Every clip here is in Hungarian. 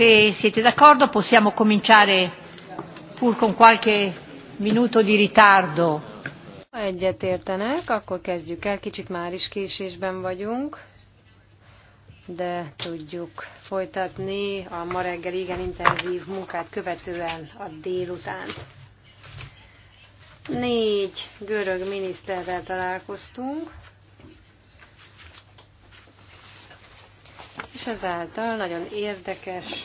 Se siete d'accordo possiamo cominciare pur con qualche minuto di ritardo. Ha egyetértenek, akkor kezdjük el, kicsit már is késésben vagyunk, de tudjuk folytatni a ma reggel igen intenzív munkát követően a délutánt. Négy görög miniszterrel találkoztunk, és ezáltal nagyon érdekes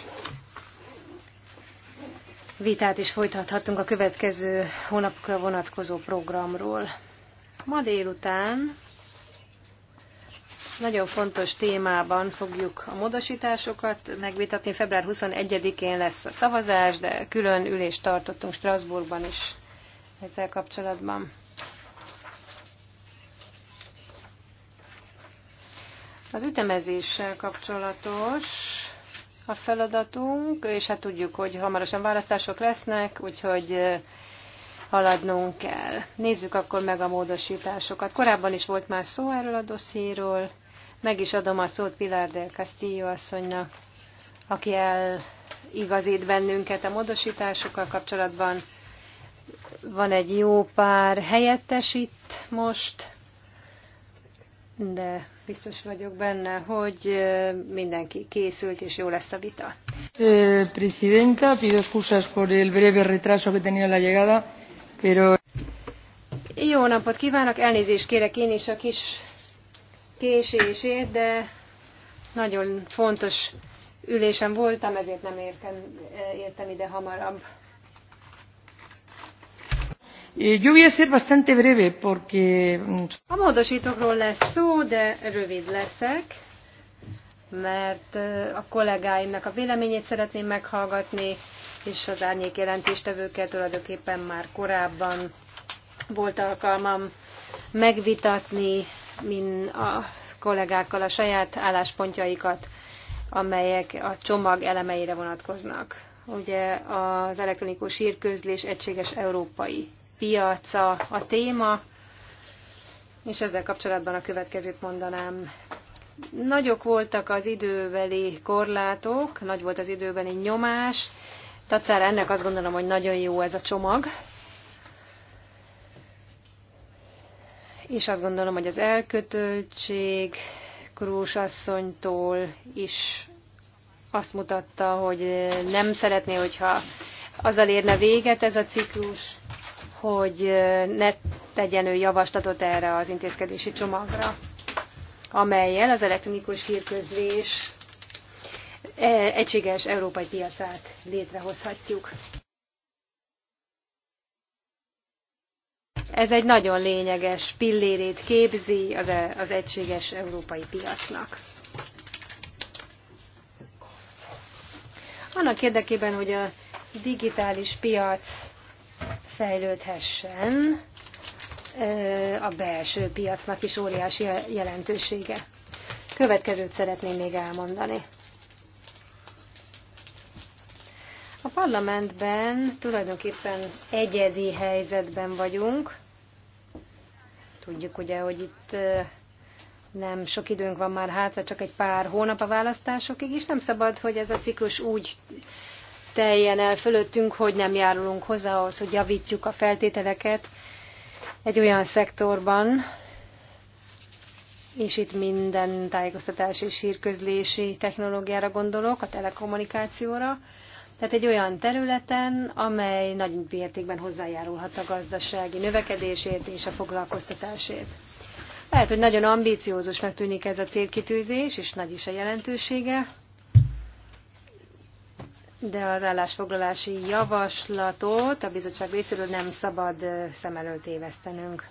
vitát is folytathatunk a következő hónapokra vonatkozó programról. Ma délután nagyon fontos témában fogjuk a módosításokat megvitatni. Február 21-én lesz a szavazás, de külön ülést tartottunk Strasbourgban is ezzel kapcsolatban. Az ütemezéssel kapcsolatos a feladatunk, és hát tudjuk, hogy hamarosan választások lesznek, úgyhogy haladnunk kell. Nézzük akkor meg a módosításokat. Korábban is volt már szó erről a dossziéról. Meg is adom a szót Pilar del Castillo asszonynak, aki eligazít bennünket a módosításokkal kapcsolatban. Van egy jó pár helyettes itt most, de biztos vagyok benne, hogy mindenki készült, és jó lesz a vita. Eh, Presidenta, pido excusas por el breve retraso que tenía la llegada, pero... Jó napot kívánok, elnézést kérek én is a kis késésért, de nagyon fontos ülésen voltam, ezért nem értem, értem ide hamarabb. Eh, a ser mm, módosítókról lesz szó, de rövid leszek, mert eh, a kollégáimnak a véleményét szeretném meghallgatni, és az árnyék jelentéstevőkkel tulajdonképpen már korábban volt alkalmam megvitatni min a kollégákkal a saját álláspontjaikat, amelyek a csomag elemeire vonatkoznak. Ugye az elektronikus hírközlés egységes európai piaca a téma, és ezzel kapcsolatban a következőt mondanám. Nagyok voltak az időbeli korlátok, nagy volt az időbeni nyomás, Tatszára ennek azt gondolom, hogy nagyon jó ez a csomag. És azt gondolom, hogy az elkötöltség Krús asszonytól is azt mutatta, hogy nem szeretné, hogyha azzal érne véget ez a ciklus, hogy ne tegyen ő javaslatot erre az intézkedési csomagra, amelyel az elektronikus hírközlés e, egységes európai piacát létrehozhatjuk. Ez egy nagyon lényeges pillérét képzi az, e, az egységes európai piacnak. Annak érdekében, hogy a digitális piac fejlődhessen, a belső piacnak is óriási jelentősége. Következőt szeretném még elmondani. A parlamentben tulajdonképpen egyedi helyzetben vagyunk. Tudjuk ugye, hogy itt nem sok időnk van már hátra, csak egy pár hónap a választásokig, és nem szabad, hogy ez a ciklus úgy teljen el fölöttünk, hogy nem járulunk hozzá ahhoz, hogy javítjuk a feltételeket egy olyan szektorban, és itt minden tájékoztatási és hírközlési technológiára gondolok, a telekommunikációra, tehát egy olyan területen, amely nagy mértékben hozzájárulhat a gazdasági növekedésért és a foglalkoztatásért. Lehet, hogy nagyon ambíciózusnak tűnik ez a célkitűzés, és nagy is a jelentősége, de az állásfoglalási javaslatot a bizottság részéről nem szabad szem előtt évesztenünk.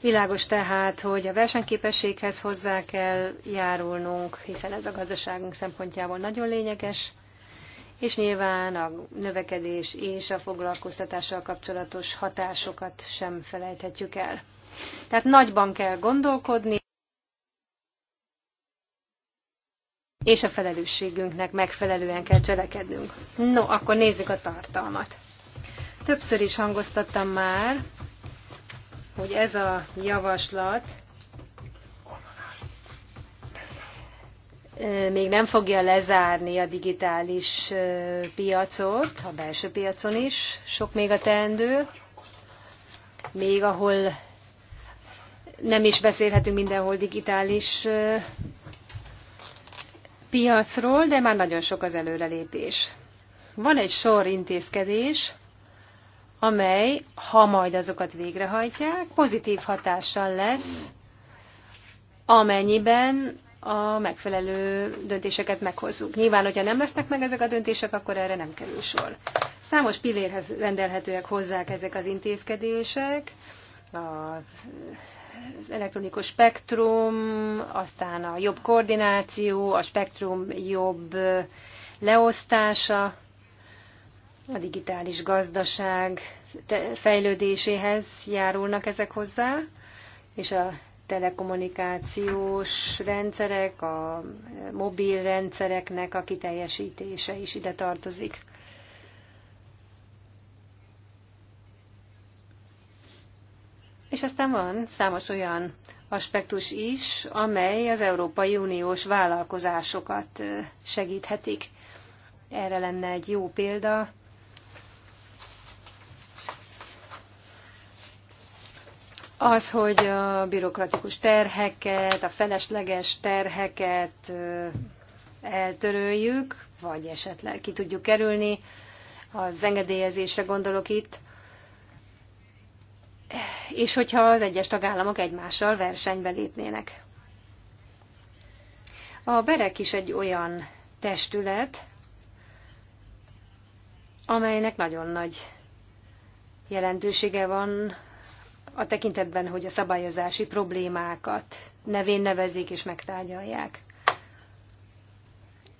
Világos tehát, hogy a versenyképességhez hozzá kell járulnunk, hiszen ez a gazdaságunk szempontjából nagyon lényeges, és nyilván a növekedés és a foglalkoztatással kapcsolatos hatásokat sem felejthetjük el. Tehát nagyban kell gondolkodni, és a felelősségünknek megfelelően kell cselekednünk. No, akkor nézzük a tartalmat. Többször is hangoztattam már, hogy ez a javaslat még nem fogja lezárni a digitális piacot, a belső piacon is, sok még a teendő, még ahol nem is beszélhetünk mindenhol digitális piacról, de már nagyon sok az előrelépés. Van egy sor intézkedés, amely, ha majd azokat végrehajtják, pozitív hatással lesz, amennyiben a megfelelő döntéseket meghozzuk. Nyilván, hogyha nem lesznek meg ezek a döntések, akkor erre nem kerül sor. Számos pillérhez rendelhetőek hozzák ezek az intézkedések, a az elektronikus spektrum, aztán a jobb koordináció, a spektrum jobb leosztása, a digitális gazdaság fejlődéséhez járulnak ezek hozzá, és a telekommunikációs rendszerek, a mobil rendszereknek a kiteljesítése is ide tartozik. És aztán van számos olyan aspektus is, amely az Európai Uniós vállalkozásokat segíthetik. Erre lenne egy jó példa. Az, hogy a bürokratikus terheket, a felesleges terheket eltöröljük, vagy esetleg ki tudjuk kerülni, az engedélyezésre gondolok itt, és hogyha az egyes tagállamok egymással versenybe lépnének. A BEREK is egy olyan testület, amelynek nagyon nagy jelentősége van a tekintetben, hogy a szabályozási problémákat nevén nevezik és megtárgyalják.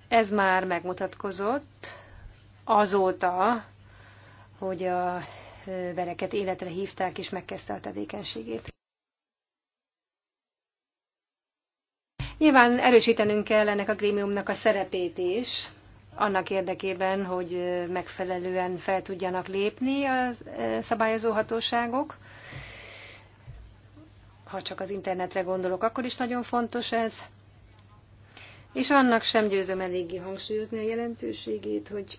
Ez már megmutatkozott azóta, hogy a vereket életre hívták, és megkezdte a tevékenységét. Nyilván erősítenünk kell ennek a grémiumnak a szerepét is, annak érdekében, hogy megfelelően fel tudjanak lépni a e, szabályozó hatóságok. Ha csak az internetre gondolok, akkor is nagyon fontos ez. És annak sem győzöm eléggé hangsúlyozni a jelentőségét, hogy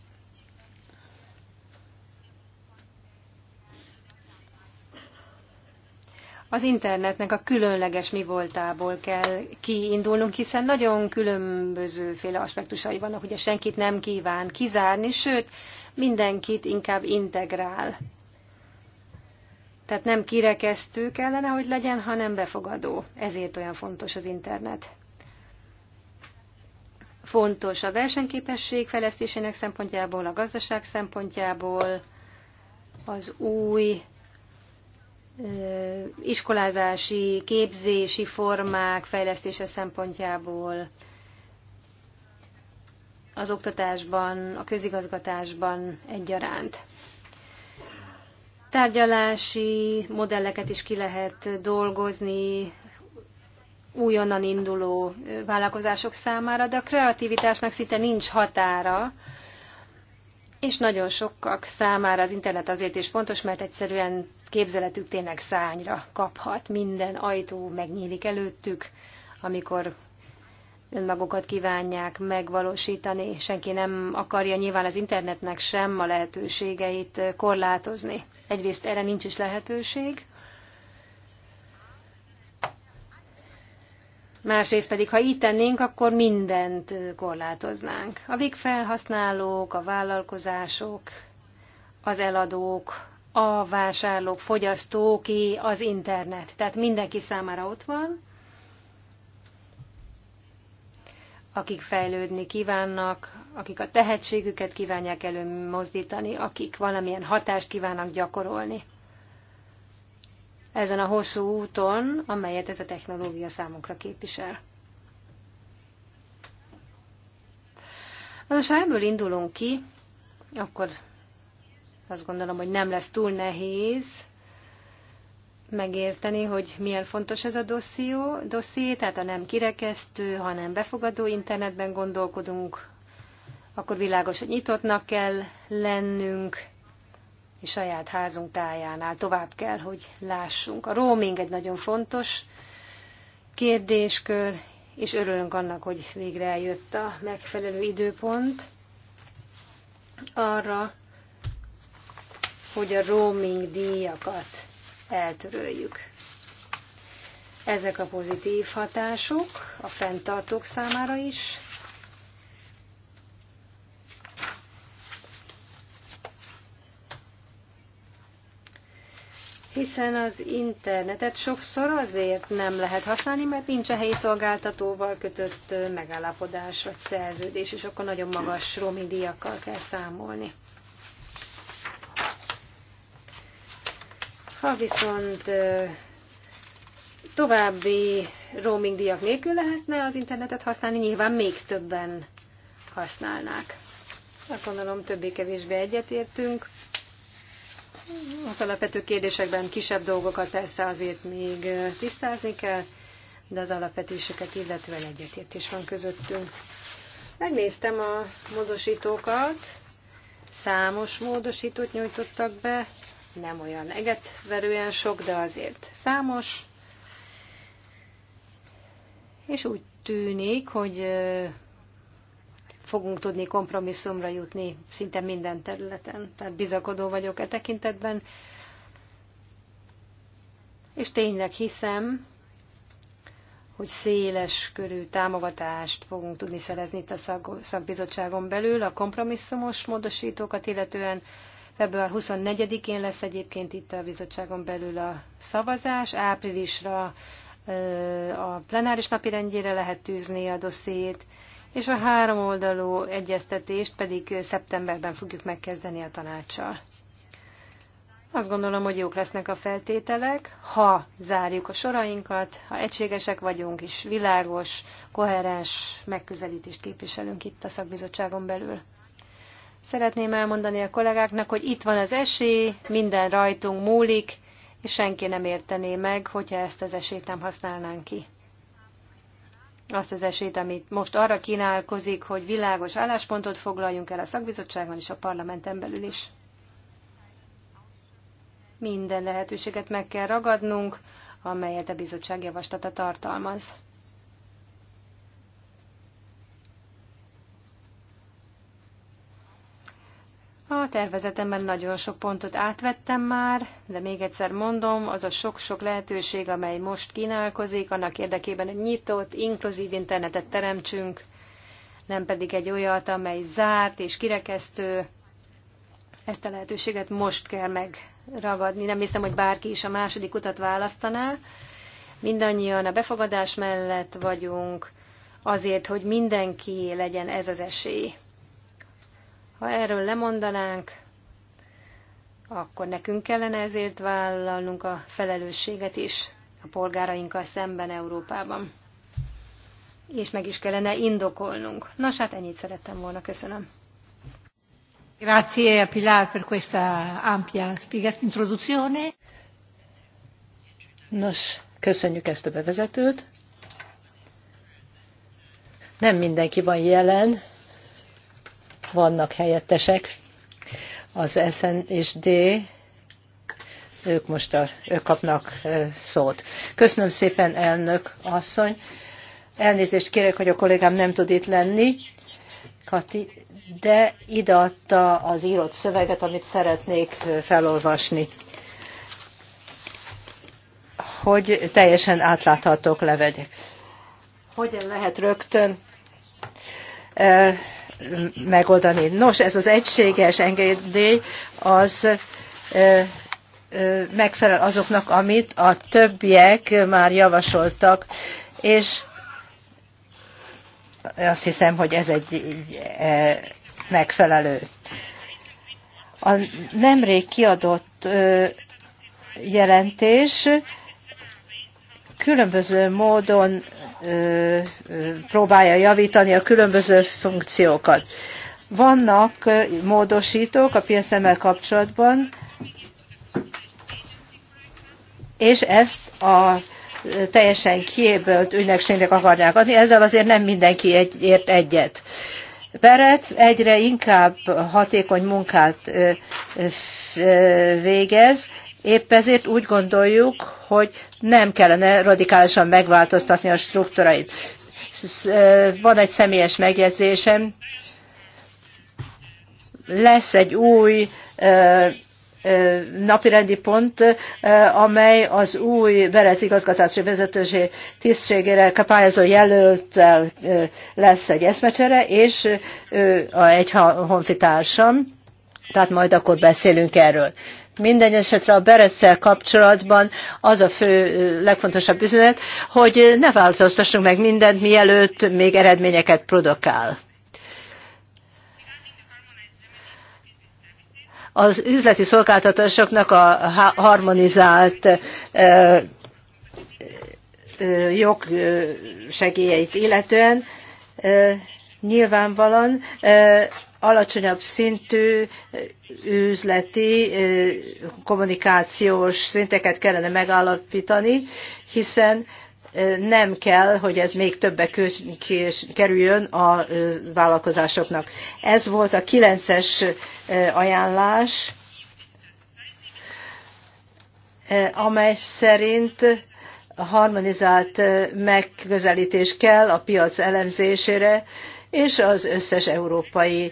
az internetnek a különleges mi voltából kell kiindulnunk, hiszen nagyon különböző féle aspektusai vannak, ugye senkit nem kíván kizárni, sőt, mindenkit inkább integrál. Tehát nem kirekesztő kellene, hogy legyen, hanem befogadó. Ezért olyan fontos az internet. Fontos a versenyképesség fejlesztésének szempontjából, a gazdaság szempontjából, az új iskolázási, képzési formák fejlesztése szempontjából az oktatásban, a közigazgatásban egyaránt. Tárgyalási modelleket is ki lehet dolgozni újonnan induló vállalkozások számára, de a kreativitásnak szinte nincs határa, és nagyon sokak számára az internet azért is fontos, mert egyszerűen képzeletük tényleg szányra kaphat. Minden ajtó megnyílik előttük, amikor önmagukat kívánják megvalósítani. Senki nem akarja nyilván az internetnek sem a lehetőségeit korlátozni. Egyrészt erre nincs is lehetőség, Másrészt pedig, ha így tennénk, akkor mindent korlátoznánk. A végfelhasználók, a vállalkozások, az eladók, a vásárlók, fogyasztóké, az internet. Tehát mindenki számára ott van, akik fejlődni kívánnak, akik a tehetségüket kívánják előmozdítani, akik valamilyen hatást kívánnak gyakorolni ezen a hosszú úton, amelyet ez a technológia számunkra képvisel. most, ha ebből indulunk ki, akkor azt gondolom, hogy nem lesz túl nehéz megérteni, hogy milyen fontos ez a dosszió, dosszié, tehát a nem kirekesztő, hanem befogadó internetben gondolkodunk, akkor világos, hogy nyitottnak kell lennünk, és saját házunk tájánál tovább kell, hogy lássunk. A roaming egy nagyon fontos kérdéskör, és örülünk annak, hogy végre eljött a megfelelő időpont arra, hogy a roaming díjakat eltöröljük. Ezek a pozitív hatások a fenntartók számára is, hiszen az internetet sokszor azért nem lehet használni, mert nincs a helyi szolgáltatóval kötött megállapodás vagy szerződés, és akkor nagyon magas romi díjakkal kell számolni. Ha viszont további roaming díjak nélkül lehetne az internetet használni, nyilván még többen használnák. Azt gondolom, többé-kevésbé egyetértünk az alapvető kérdésekben kisebb dolgokat persze azért még tisztázni kell, de az alapvetéseket illetően egyetértés van közöttünk. Megnéztem a módosítókat, számos módosítót nyújtottak be, nem olyan egetverően sok, de azért számos. És úgy tűnik, hogy fogunk tudni kompromisszumra jutni szinte minden területen. Tehát bizakodó vagyok e tekintetben. És tényleg hiszem, hogy széles körű támogatást fogunk tudni szerezni itt a szakbizottságon belül a kompromisszumos módosítókat, illetően február 24-én lesz egyébként itt a bizottságon belül a szavazás, áprilisra a plenáris napirendjére lehet tűzni a dossziét, és a három oldalú egyeztetést pedig szeptemberben fogjuk megkezdeni a tanácssal. Azt gondolom, hogy jók lesznek a feltételek, ha zárjuk a sorainkat, ha egységesek vagyunk, és világos, koherens megközelítést képviselünk itt a szakbizottságon belül. Szeretném elmondani a kollégáknak, hogy itt van az esély, minden rajtunk múlik, és senki nem értené meg, hogyha ezt az esélyt nem használnánk ki azt az esélyt, amit most arra kínálkozik, hogy világos álláspontot foglaljunk el a szakbizottságon és a parlamenten belül is. Minden lehetőséget meg kell ragadnunk, amelyet a bizottság javaslata tartalmaz. A tervezetemben nagyon sok pontot átvettem már, de még egyszer mondom, az a sok-sok lehetőség, amely most kínálkozik, annak érdekében, hogy nyitott, inkluzív internetet teremtsünk, nem pedig egy olyat, amely zárt és kirekesztő. Ezt a lehetőséget most kell megragadni. Nem hiszem, hogy bárki is a második utat választaná. Mindannyian a befogadás mellett vagyunk, azért, hogy mindenki legyen ez az esély. Ha erről lemondanánk, akkor nekünk kellene ezért vállalnunk a felelősséget is a polgárainkkal szemben Európában. És meg is kellene indokolnunk. Nos, hát ennyit szerettem volna. Köszönöm. Grazie a Pilar per questa ampia spiegazione. introduzione. Nos, köszönjük ezt a bevezetőt. Nem mindenki van jelen, vannak helyettesek, az SN és D, ők most a, ők kapnak szót. Köszönöm szépen, elnök asszony. Elnézést kérek, hogy a kollégám nem tud itt lenni, Kati, de ideadta az írott szöveget, amit szeretnék felolvasni hogy teljesen átláthatók levegyek. Hogyan lehet rögtön megoldani. Nos, ez az egységes engedély az megfelel azoknak, amit a többiek már javasoltak, és azt hiszem, hogy ez egy e, megfelelő. A nemrég kiadott jelentés különböző módon próbálja javítani a különböző funkciókat. Vannak módosítók a PSM-mel kapcsolatban, és ezt a teljesen kiébölt ügynökségnek akarják adni, ezzel azért nem mindenki egy, ért egyet. Perec egyre inkább hatékony munkát végez, Épp ezért úgy gondoljuk, hogy nem kellene radikálisan megváltoztatni a struktúrait. Van egy személyes megjegyzésem. Lesz egy új napirendi pont, amely az új igazgatási vezetőség tisztségére kapályozó jelölttel lesz egy eszmecsere, és egy honfitársam, tehát majd akkor beszélünk erről. Minden esetre a Bereszel kapcsolatban az a fő, legfontosabb üzenet, hogy ne változtassunk meg mindent, mielőtt még eredményeket produkál. az üzleti szolgáltatásoknak a harmonizált jogsegélyeit illetően nyilvánvalóan alacsonyabb szintű üzleti kommunikációs szinteket kellene megállapítani, hiszen nem kell, hogy ez még többe kerüljön a vállalkozásoknak. Ez volt a kilences ajánlás, amely szerint harmonizált megközelítés kell a piac elemzésére, és az összes európai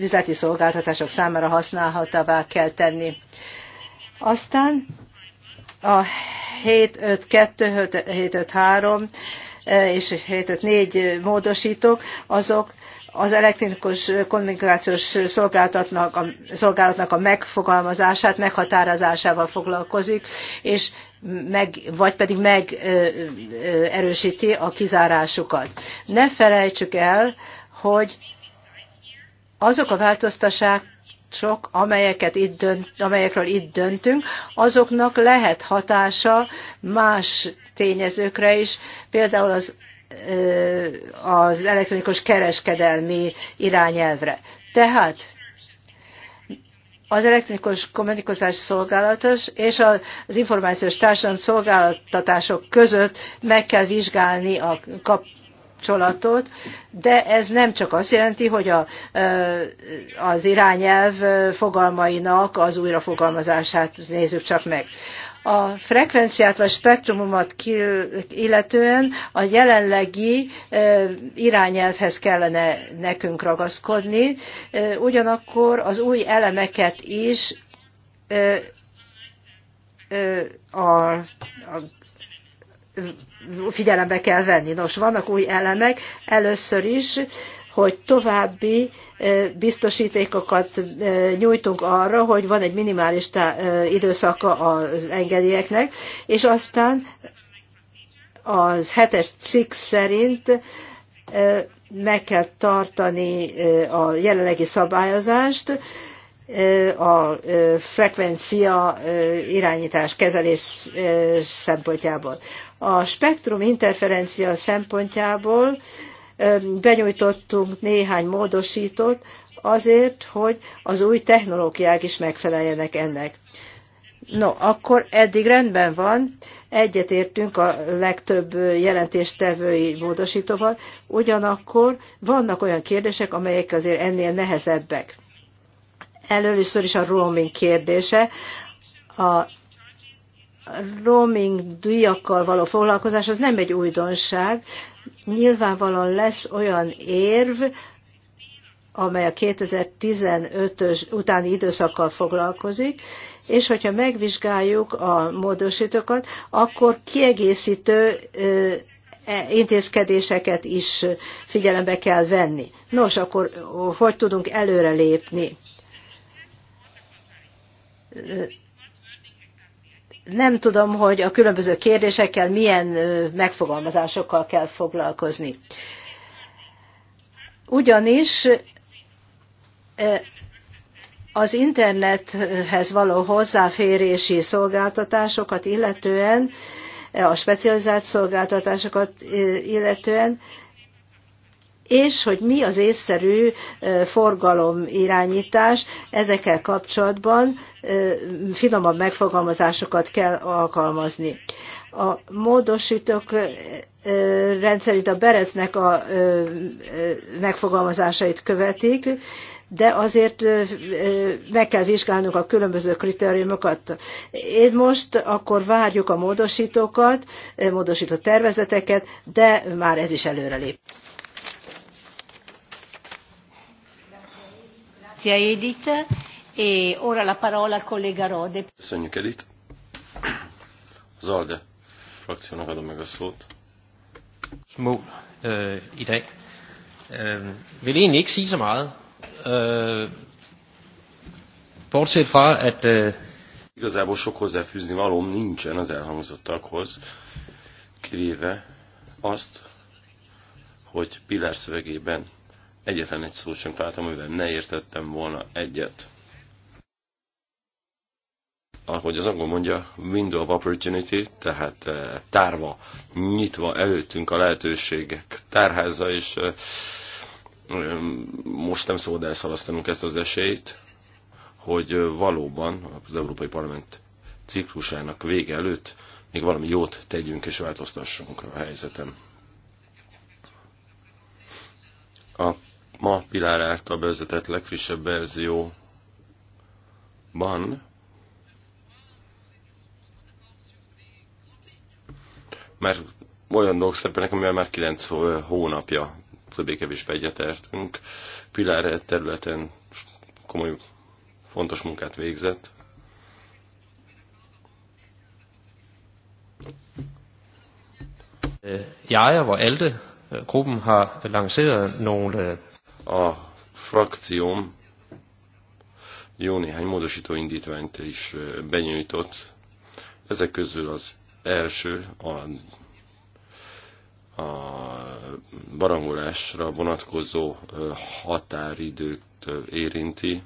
üzleti szolgáltatások számára használhatává kell tenni. Aztán a 752, 753 és 754 módosítók, azok az elektronikus kommunikációs szolgálatnak a, szolgálatnak a megfogalmazását, meghatározásával foglalkozik, és meg, vagy pedig megerősíti a kizárásukat. Ne felejtsük el, hogy azok a változtatások, amelyeket itt dönt, amelyekről itt döntünk, azoknak lehet hatása más tényezőkre is, például az, az elektronikus kereskedelmi irányelvre. Tehát az elektronikus kommunikációs szolgálatos és az információs társadalom szolgáltatások között meg kell vizsgálni a kapcsolatot, de ez nem csak azt jelenti, hogy a, az irányelv fogalmainak az újrafogalmazását nézzük csak meg. A frekvenciát vagy spektrumomat illetően a jelenlegi irányelvhez kellene nekünk ragaszkodni, ugyanakkor az új elemeket is a, a figyelembe kell venni. Nos, vannak új elemek. Először is hogy további biztosítékokat nyújtunk arra, hogy van egy minimális időszaka az engedélyeknek, és aztán az hetes cikk szerint meg kell tartani a jelenlegi szabályozást, a frekvencia irányítás kezelés szempontjából. A spektrum interferencia szempontjából benyújtottunk néhány módosítót azért, hogy az új technológiák is megfeleljenek ennek. No, akkor eddig rendben van, egyetértünk a legtöbb jelentéstevői módosítóval, ugyanakkor vannak olyan kérdések, amelyek azért ennél nehezebbek. Először is a roaming kérdése. A roaming díjakkal való foglalkozás az nem egy újdonság, nyilvánvalóan lesz olyan érv, amely a 2015-ös utáni időszakkal foglalkozik, és hogyha megvizsgáljuk a módosítókat, akkor kiegészítő e, intézkedéseket is figyelembe kell venni. Nos, akkor hogy tudunk előrelépni? nem tudom, hogy a különböző kérdésekkel milyen megfogalmazásokkal kell foglalkozni. Ugyanis az internethez való hozzáférési szolgáltatásokat illetően, a specializált szolgáltatásokat illetően és hogy mi az észszerű forgalomirányítás, ezekkel kapcsolatban finomabb megfogalmazásokat kell alkalmazni. A módosítók rendszerint a Bereznek a megfogalmazásait követik, de azért meg kell vizsgálnunk a különböző kritériumokat. Én most akkor várjuk a módosítókat, módosító tervezeteket, de már ez is előrelép. Grazie Edith. E ora la parola al collega Rode. Köszönjük Edith. Az ALDE frakciónak adom meg a szót. Mål øh, i dag. Øh, vil egentlig ikke sige så meget. Øh, bortset fra, at... Øh, Igazából sok hozzáfűzni valóm nincsen az elhangzottakhoz, kivéve azt, hogy Pillár szövegében egyetlen egy szót sem találtam, amivel ne értettem volna egyet. Ahogy az angol mondja, window of opportunity, tehát eh, tárva, nyitva előttünk a lehetőségek tárháza, és eh, most nem szabad elszalasztanunk ezt az esélyt, hogy eh, valóban az Európai Parlament ciklusának vége előtt még valami jót tegyünk és változtassunk a helyzetem. A ma Pilár által bevezetett legfrissebb verzióban már olyan dolgok szerepelnek, amivel már 9 hónapja többé-kevésbé egyetértünk. Pilár e területen komoly, fontos munkát végzett. Jeg og Alte, øh, gruppen har lanceret nogle øh, a frakcióm jó néhány módosító indítványt is benyújtott. Ezek közül az első a, a barangolásra vonatkozó határidőt érinti,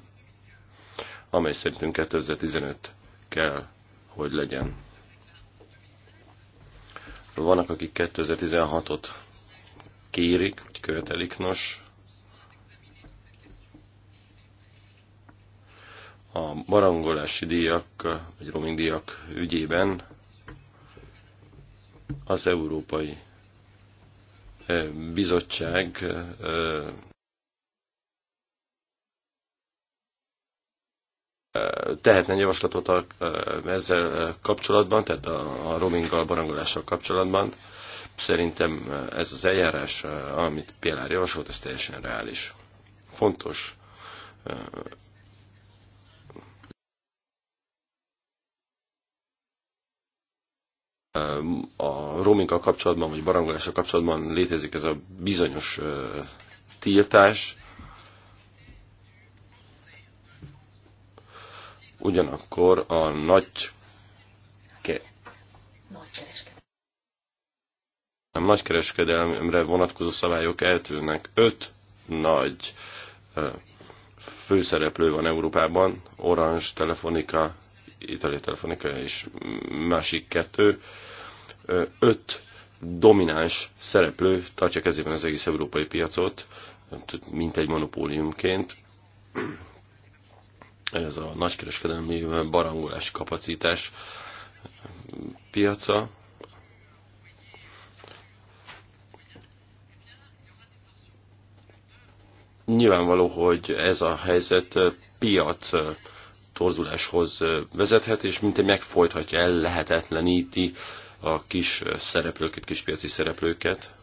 amely szerintünk 2015 kell, hogy legyen. Vannak, akik 2016-ot kérik, hogy követelik, nos, a barangolási díjak, vagy roaming díjak ügyében az Európai Bizottság tehetne egy javaslatot a, ezzel kapcsolatban, tehát a, a roaminggal, barangolással kapcsolatban. Szerintem ez az eljárás, amit Pélár javasolt, ez teljesen reális. Fontos a roamingkal kapcsolatban, vagy barangolással kapcsolatban létezik ez a bizonyos tiltás. Ugyanakkor a nagy a nagy nagykereskedelemre vonatkozó szabályok eltűnnek. Öt nagy főszereplő van Európában, Orange, Telefonika, Itali Telefonika és másik kettő öt domináns szereplő tartja kezében az egész európai piacot, mint egy monopóliumként. Ez a nagykereskedelmi barangolás kapacitás piaca. Nyilvánvaló, hogy ez a helyzet piac torzuláshoz vezethet, és mint egy megfojthatja, el lehetetleníti a kis szereplőket, kis piaci szereplőket.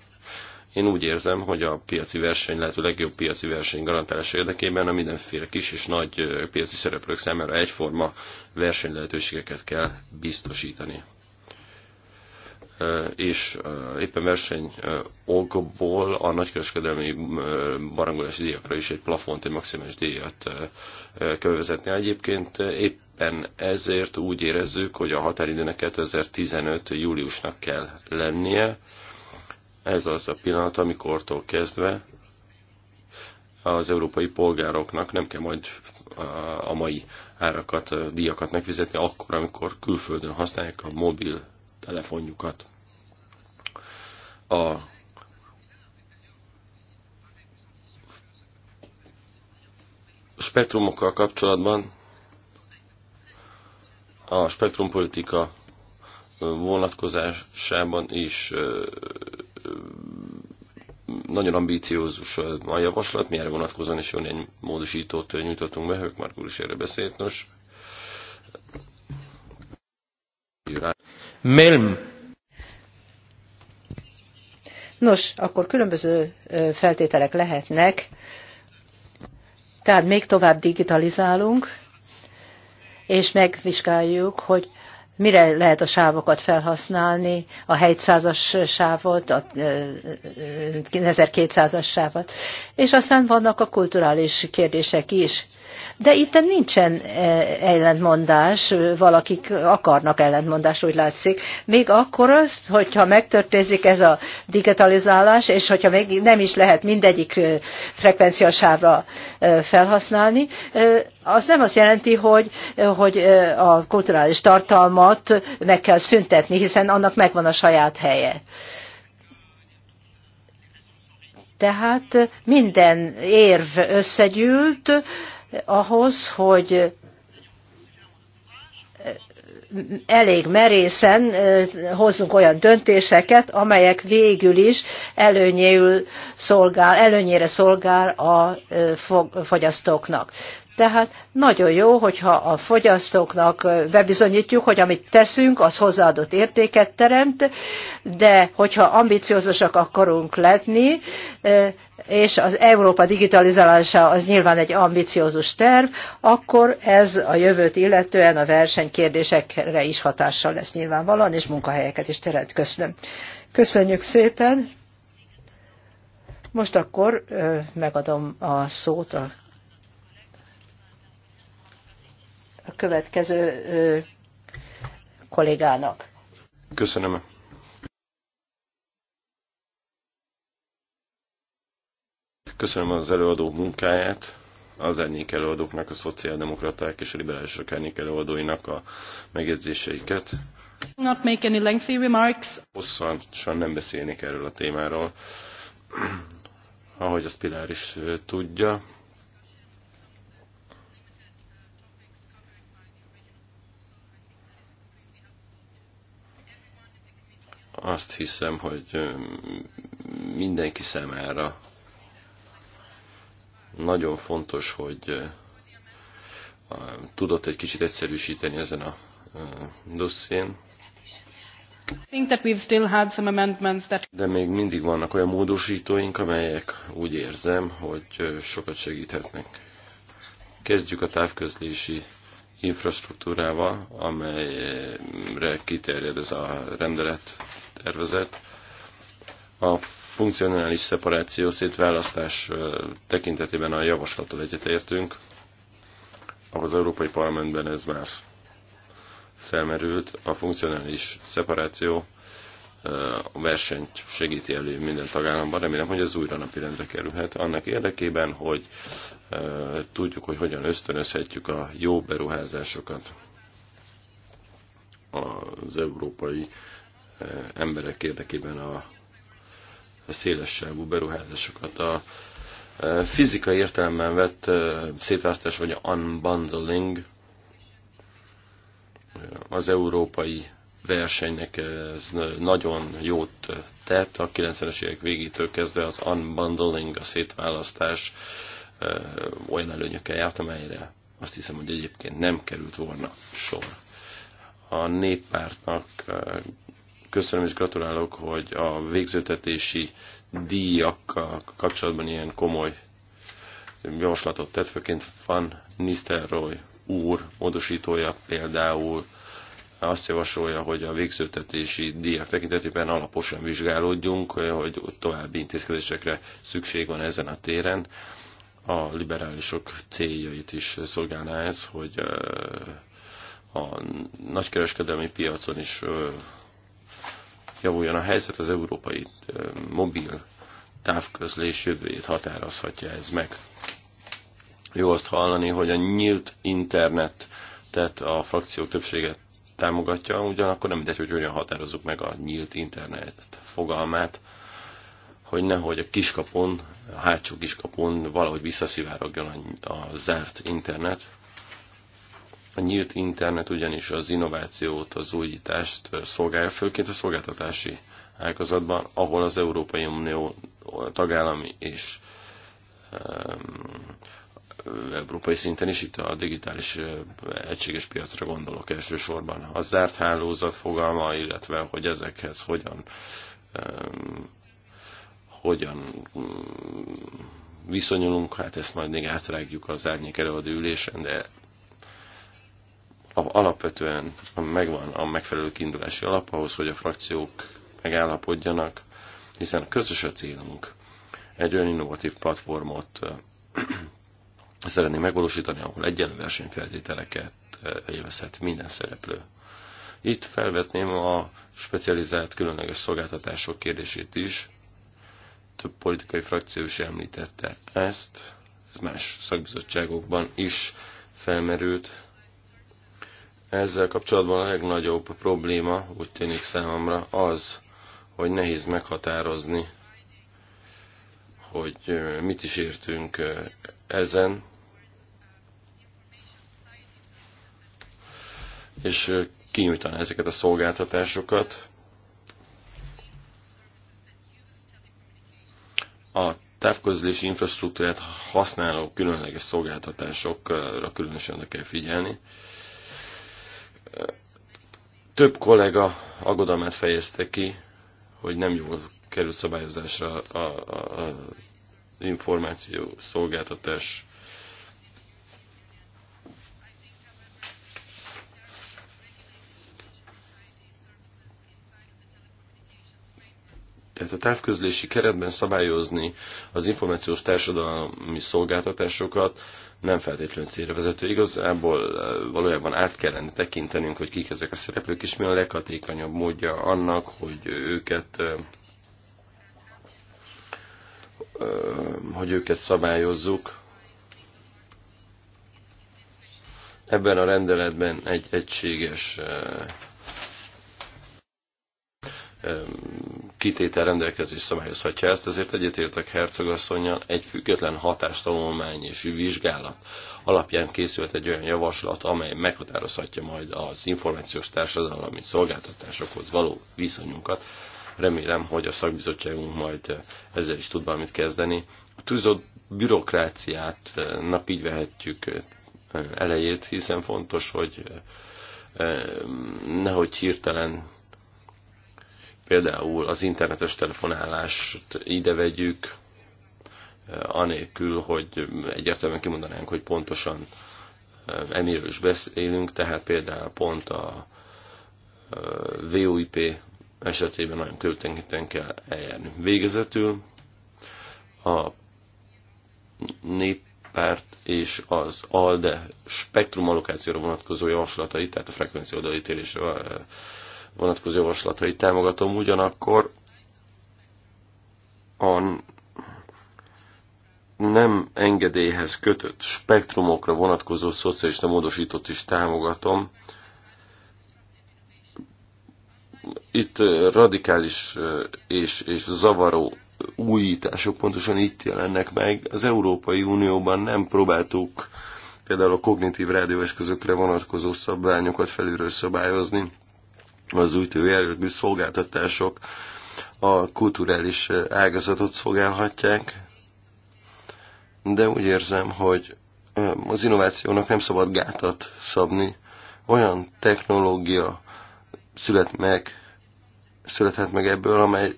Én úgy érzem, hogy a piaci verseny, lehető legjobb piaci verseny garantálása érdekében a mindenféle kis és nagy piaci szereplők számára egyforma lehetőségeket kell biztosítani. Eh, és eh, éppen verseny eh, okból a nagykereskedelmi barangolási díjakra is egy plafont, egy maximális díjat kell vezetni. Egyébként éppen ezért úgy érezzük, hogy a határidőnek 2015. júliusnak kell lennie. Ez az a pillanat, amikortól kezdve az európai polgároknak nem kell majd a mai árakat, díjakat megfizetni akkor, amikor külföldön használják a mobil telefonjukat. A spektrumokkal kapcsolatban a spektrumpolitika vonatkozásában is nagyon ambíciózus a javaslat, mi erre vonatkozóan is jó néhány módosítót nyújtottunk be, Hökmark úr is erre beszélt. Nos, Melm. Nos, akkor különböző feltételek lehetnek. Tehát még tovább digitalizálunk, és megvizsgáljuk, hogy mire lehet a sávokat felhasználni, a 700-as sávot, a 1200-as sávot, és aztán vannak a kulturális kérdések is. De itt nincsen eh, ellentmondás, valakik akarnak ellentmondást, úgy látszik. Még akkor az, hogyha megtörténik ez a digitalizálás, és hogyha még nem is lehet mindegyik frekvenciasávra felhasználni, az nem azt jelenti, hogy, hogy a kulturális tartalmat meg kell szüntetni, hiszen annak megvan a saját helye. Tehát minden érv összegyűlt, ahhoz, hogy elég merészen hozzunk olyan döntéseket, amelyek végül is szolgál, előnyére szolgál a fogyasztóknak. Tehát nagyon jó, hogyha a fogyasztóknak bebizonyítjuk, hogy amit teszünk, az hozzáadott értéket teremt, de hogyha ambiciózusak akarunk lenni, és az Európa digitalizálása az nyilván egy ambiciózus terv, akkor ez a jövőt illetően a versenykérdésekre is hatással lesz nyilvánvalóan, és munkahelyeket is teremt. Köszönöm. Köszönjük szépen. Most akkor megadom a szót a következő kollégának. Köszönöm Köszönöm az előadók munkáját, az ennyik előadóknak, a szociáldemokraták és a liberálisok ennyik előadóinak a megjegyzéseiket. Not make any lengthy remarks. Hosszan nem beszélnék erről a témáról. Ahogy a Pilár is tudja, azt hiszem, hogy mindenki számára nagyon fontos, hogy tudott egy kicsit egyszerűsíteni ezen a dosszén. De még mindig vannak olyan módosítóink, amelyek úgy érzem, hogy sokat segíthetnek. Kezdjük a távközlési infrastruktúrával, amelyre kiterjed ez a rendelet tervezet. A funkcionális szeparáció, szétválasztás tekintetében a javaslattal egyetértünk. Az Európai Parlamentben ez már felmerült. A funkcionális szeparáció a versenyt segíti elő minden tagállamban. Remélem, hogy ez újra napirendre kerülhet. Annak érdekében, hogy tudjuk, hogy hogyan ösztönözhetjük a jó beruházásokat az európai emberek érdekében a a szélessávú beruházásokat a e, fizikai értelemben vett e, szétválasztás vagy unbundling az európai versenynek ez nagyon jót tett. A 90-es évek végétől kezdve az unbundling, a szétválasztás e, olyan előnyökkel járt, amelyre azt hiszem, hogy egyébként nem került volna sor. A néppártnak Köszönöm és gratulálok, hogy a végzőtetési díjakkal kapcsolatban ilyen komoly javaslatot tett, főként Van Nisterroy úr módosítója például azt javasolja, hogy a végzőtetési díjak tekintetében alaposan vizsgálódjunk, hogy további intézkedésekre szükség van ezen a téren. A liberálisok céljait is szolgálná ez, hogy a nagykereskedelmi piacon is javuljon a helyzet, az európai mobil távközlés jövőjét határozhatja ez meg. Jó azt hallani, hogy a nyílt internetet a frakciók többsége támogatja, ugyanakkor nem mindegy, hogy hogyan határozzuk meg a nyílt internet fogalmát, hogy nehogy a kiskapon, a hátsó kiskapon valahogy visszaszivárogjon a, a zárt internet, a nyílt internet ugyanis az innovációt, az újítást szolgálja, főként a szolgáltatási ágazatban, ahol az Európai Unió tagállami és európai szinten is, itt a digitális egységes piacra gondolok elsősorban. A zárt hálózat fogalma, illetve hogy ezekhez hogyan hogyan mm, viszonyulunk, hát ezt majd még átrágjuk az árnyék előadő ülésen, de alapvetően megvan a megfelelő kiindulási alap ahhoz, hogy a frakciók megállapodjanak, hiszen közös a célunk. Egy olyan innovatív platformot szeretnénk megvalósítani, ahol egyenlő versenyfeltételeket élvezhet minden szereplő. Itt felvetném a specializált különleges szolgáltatások kérdését is. Több politikai frakció is említette ezt, ez más szakbizottságokban is felmerült, ezzel kapcsolatban a legnagyobb probléma úgy tűnik számomra az, hogy nehéz meghatározni, hogy mit is értünk ezen, és kinyújtaná ezeket a szolgáltatásokat. A távközlési infrastruktúrát használó különleges szolgáltatásokra különösen kell figyelni. Több kollega aggodalmát fejezte ki, hogy nem jól került szabályozásra a, a információ szolgáltatás tehát a távközlési keretben szabályozni az információs társadalmi szolgáltatásokat nem feltétlenül célra vezető. Igazából valójában át kellene tekintenünk, hogy kik ezek a szereplők, és mi a leghatékonyabb módja annak, hogy őket hogy őket szabályozzuk. Ebben a rendeletben egy egységes kitétel rendelkezés szabályozhatja ezt, ezért egyetértek hercegasszonyjal egy független hatástanulmány és vizsgálat alapján készült egy olyan javaslat, amely meghatározhatja majd az információs társadalmi szolgáltatásokhoz való viszonyunkat. Remélem, hogy a szakbizottságunk majd eh, ezzel is tud valamit kezdeni. A tűzott bürokráciát eh, nap így vehetjük eh, elejét, hiszen fontos, hogy nehogy hirtelen Például az internetes telefonálást ide vegyük, eh, anélkül, hogy egyértelműen kimondanánk, hogy pontosan eh, emiről is beszélünk, tehát például pont a eh, VOIP esetében nagyon költenkéten kell eljárni. Végezetül a néppárt és az ALDE spektrum allokációra vonatkozó javaslatait, tehát a frekvencia vonatkozó javaslatait támogatom, ugyanakkor a nem engedélyhez kötött spektrumokra vonatkozó szocialista módosítót is támogatom. Itt radikális és, és zavaró újítások pontosan itt jelennek meg. Az Európai Unióban nem próbáltuk például a kognitív rádióeszközökre vonatkozó szabványokat felülről szabályozni az új jellegű szolgáltatások a kulturális ágazatot szolgálhatják, de úgy érzem, hogy az innovációnak nem szabad gátat szabni. Olyan technológia szület meg, születhet meg ebből, amely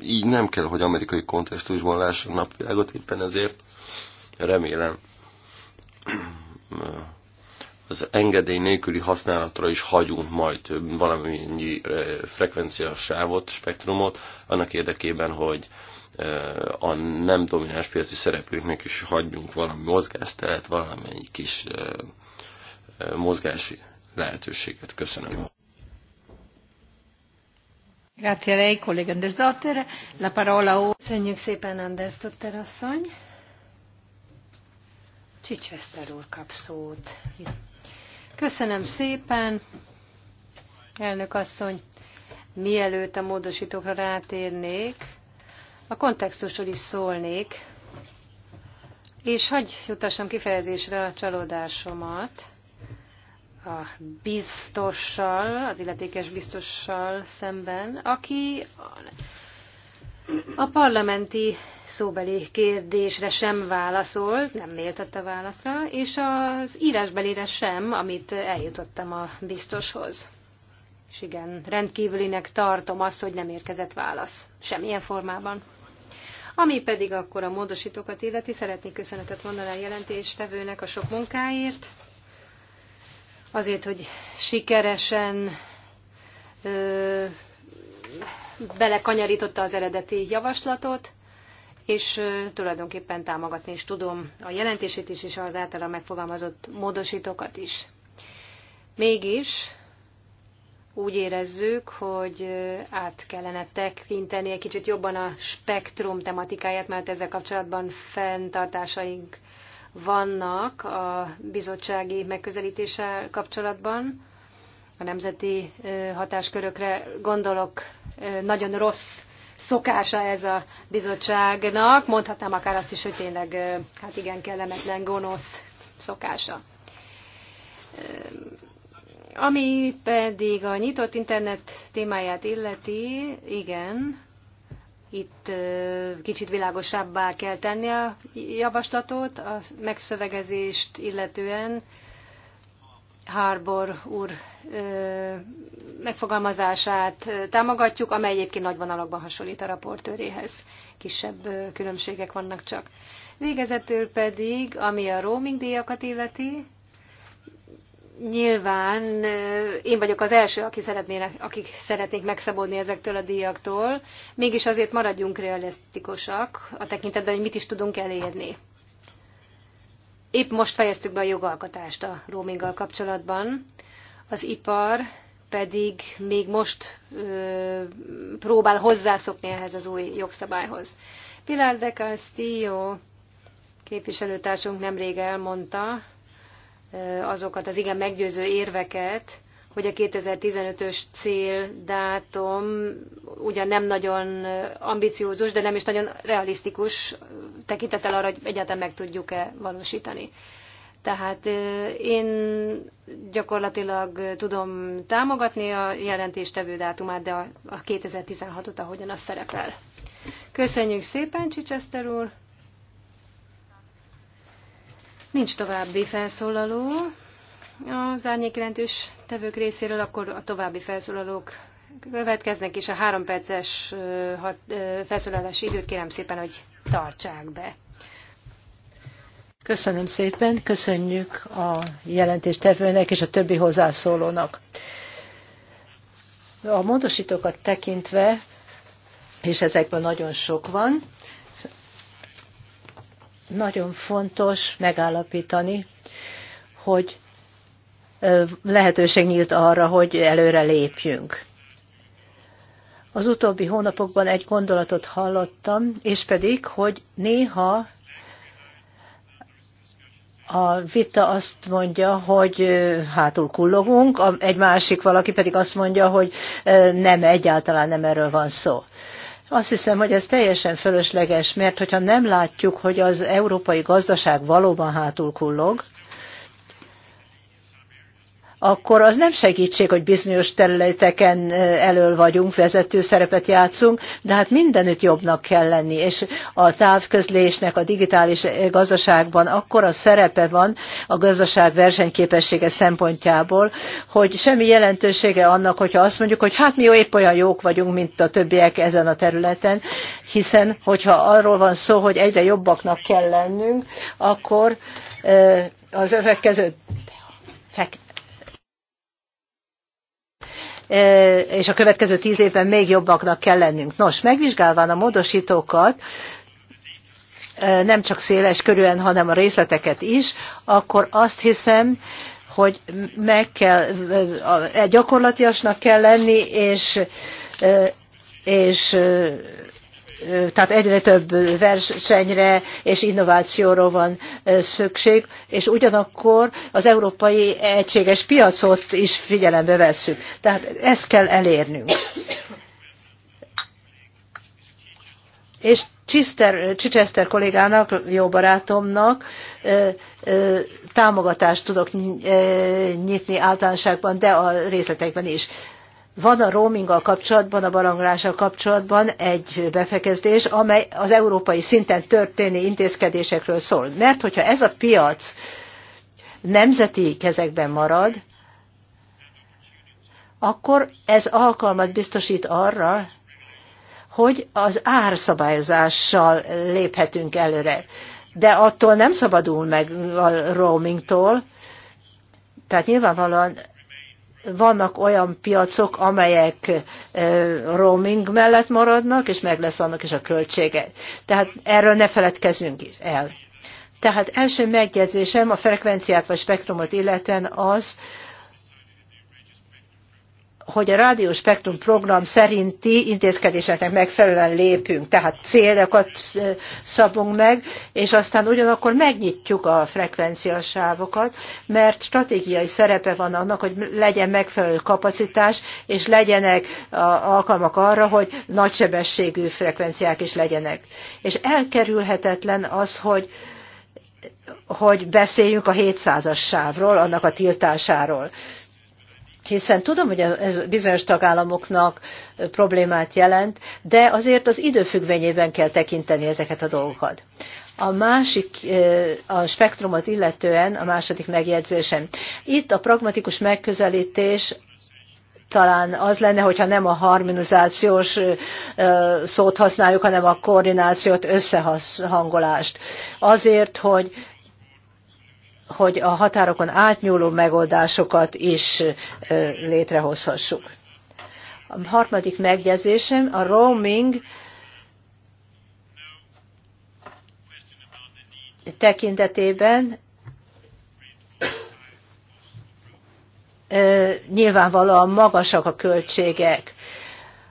így nem kell, hogy amerikai kontextusban lásson napvilágot, éppen ezért remélem az engedély nélküli használatra is hagyunk majd valamennyi frekvencia sávot, spektrumot, annak érdekében, hogy a nem domináns piaci szereplőknek is hagyjunk valami mozgásteret, valamennyi kis mozgási lehetőséget. Köszönöm. Grazie a lei, collega Andesdotter. La parola o... Köszönjük szépen, Andesdotter asszony. Chichester úr kap szót. Itt Köszönöm szépen, elnök asszony. Mielőtt a módosítókra rátérnék, a kontextusról is szólnék, és hagyj jutassam kifejezésre a csalódásomat a biztossal, az illetékes biztossal szemben, aki a parlamenti szóbeli kérdésre sem válaszolt, nem méltatta válaszra, és az írásbelire sem, amit eljutottam a biztoshoz. És igen, rendkívülinek tartom azt, hogy nem érkezett válasz. Semmilyen formában. Ami pedig akkor a módosítókat illeti, szeretnék köszönetet mondani a jelentéstevőnek a sok munkáért, azért, hogy sikeresen ö, belekanyarította az eredeti javaslatot, és tulajdonképpen támogatni is tudom a jelentését is, és az általa megfogalmazott módosítókat is. Mégis úgy érezzük, hogy át kellene tekinteni egy kicsit jobban a spektrum tematikáját, mert ezzel kapcsolatban fenntartásaink vannak a bizottsági megközelítéssel kapcsolatban. A nemzeti hatáskörökre gondolok nagyon rossz szokása ez a bizottságnak, mondhatnám akár azt is, hogy tényleg hát igen kellemetlen, gonosz szokása. Ami pedig a nyitott internet témáját illeti, igen, itt kicsit világosabbá kell tenni a javaslatot, a megszövegezést illetően, harbor úr megfogalmazását támogatjuk, amely egyébként nagy vonalakban hasonlít a raportőréhez. Kisebb különbségek vannak csak. Végezetül pedig, ami a roaming díjakat illeti, nyilván én vagyok az első, aki szeretnének, akik szeretnék megszabadulni ezektől a díjaktól, mégis azért maradjunk realisztikusak a tekintetben, hogy mit is tudunk elérni. Épp most fejeztük be a jogalkotást a roaminggal kapcsolatban. Az ipar pedig még most ö, próbál hozzászokni ehhez az új jogszabályhoz. Pilar de Castillo képviselőtársunk nemrég elmondta ö, azokat az igen meggyőző érveket, hogy a 2015-ös céldátum ugyan nem nagyon ambiciózus, de nem is nagyon realisztikus tekintettel arra, hogy egyáltalán meg tudjuk-e valósítani. Tehát én gyakorlatilag tudom támogatni a jelentéstevő dátumát, de a 2016-ot, ahogyan az szerepel. Köszönjük szépen, Csicseszter úr! Nincs további felszólaló az árnyékjelentős tevők részéről, akkor a további felszólalók következnek, és a három perces felszólalási időt kérem szépen, hogy tartsák be. Köszönöm szépen, köszönjük a tevőnek és a többi hozzászólónak. A módosítókat tekintve, és ezekből nagyon sok van, nagyon fontos megállapítani, hogy lehetőség nyílt arra, hogy előre lépjünk. Az utóbbi hónapokban egy gondolatot hallottam, és pedig, hogy néha a vita azt mondja, hogy hátul kullogunk, egy másik valaki pedig azt mondja, hogy nem, egyáltalán nem erről van szó. Azt hiszem, hogy ez teljesen fölösleges, mert hogyha nem látjuk, hogy az európai gazdaság valóban hátul kullog, akkor az nem segítség, hogy bizonyos területeken elől vagyunk, vezető szerepet játszunk, de hát mindenütt jobbnak kell lenni, és a távközlésnek a digitális gazdaságban akkor a szerepe van a gazdaság versenyképessége szempontjából, hogy semmi jelentősége annak, hogyha azt mondjuk, hogy hát mi jó, épp olyan jók vagyunk, mint a többiek ezen a területen, hiszen hogyha arról van szó, hogy egyre jobbaknak kell lennünk, akkor az övekező és a következő tíz évben még jobbaknak kell lennünk. Nos, megvizsgálván a módosítókat, nem csak széles körülön, hanem a részleteket is, akkor azt hiszem, hogy meg kell, e gyakorlatiasnak kell lenni, és, és tehát egyre több versenyre és innovációra van szükség, és ugyanakkor az európai egységes piacot is figyelembe vesszük. Tehát ezt kell elérnünk. És Chichester, Chichester kollégának, jó barátomnak támogatást tudok nyitni általánoságban, de a részletekben is van a roaminggal kapcsolatban, a baranglással kapcsolatban egy befekezdés, amely az európai szinten történő intézkedésekről szól. Mert hogyha ez a piac nemzeti kezekben marad, akkor ez alkalmat biztosít arra, hogy az árszabályozással léphetünk előre. De attól nem szabadul meg a roamingtól, tehát nyilvánvalóan vannak olyan piacok, amelyek roaming mellett maradnak, és meg lesz annak is a költsége. Tehát erről ne feledkezzünk is el. Tehát első megjegyzésem a frekvenciát vagy spektrumot illetően az, hogy a rádióspektrum program szerinti intézkedéseknek megfelelően lépünk, tehát célokat szabunk meg, és aztán ugyanakkor megnyitjuk a frekvenciasávokat, mert stratégiai szerepe van annak, hogy legyen megfelelő kapacitás, és legyenek alkalmak arra, hogy nagysebességű frekvenciák is legyenek. És elkerülhetetlen az, hogy hogy beszéljünk a 700-as sávról, annak a tiltásáról hiszen tudom, hogy ez bizonyos tagállamoknak problémát jelent, de azért az időfüggvényében kell tekinteni ezeket a dolgokat. A másik, eh, a spektrumot illetően, a második megjegyzésem. Itt a pragmatikus megközelítés talán az lenne, hogyha nem a harmonizációs eh, szót használjuk, hanem a koordinációt, összehangolást. Azért, hogy hogy a határokon átnyúló megoldásokat is létrehozhassuk. A harmadik megjegyzésem, a roaming tekintetében nyilvánvalóan magasak a költségek.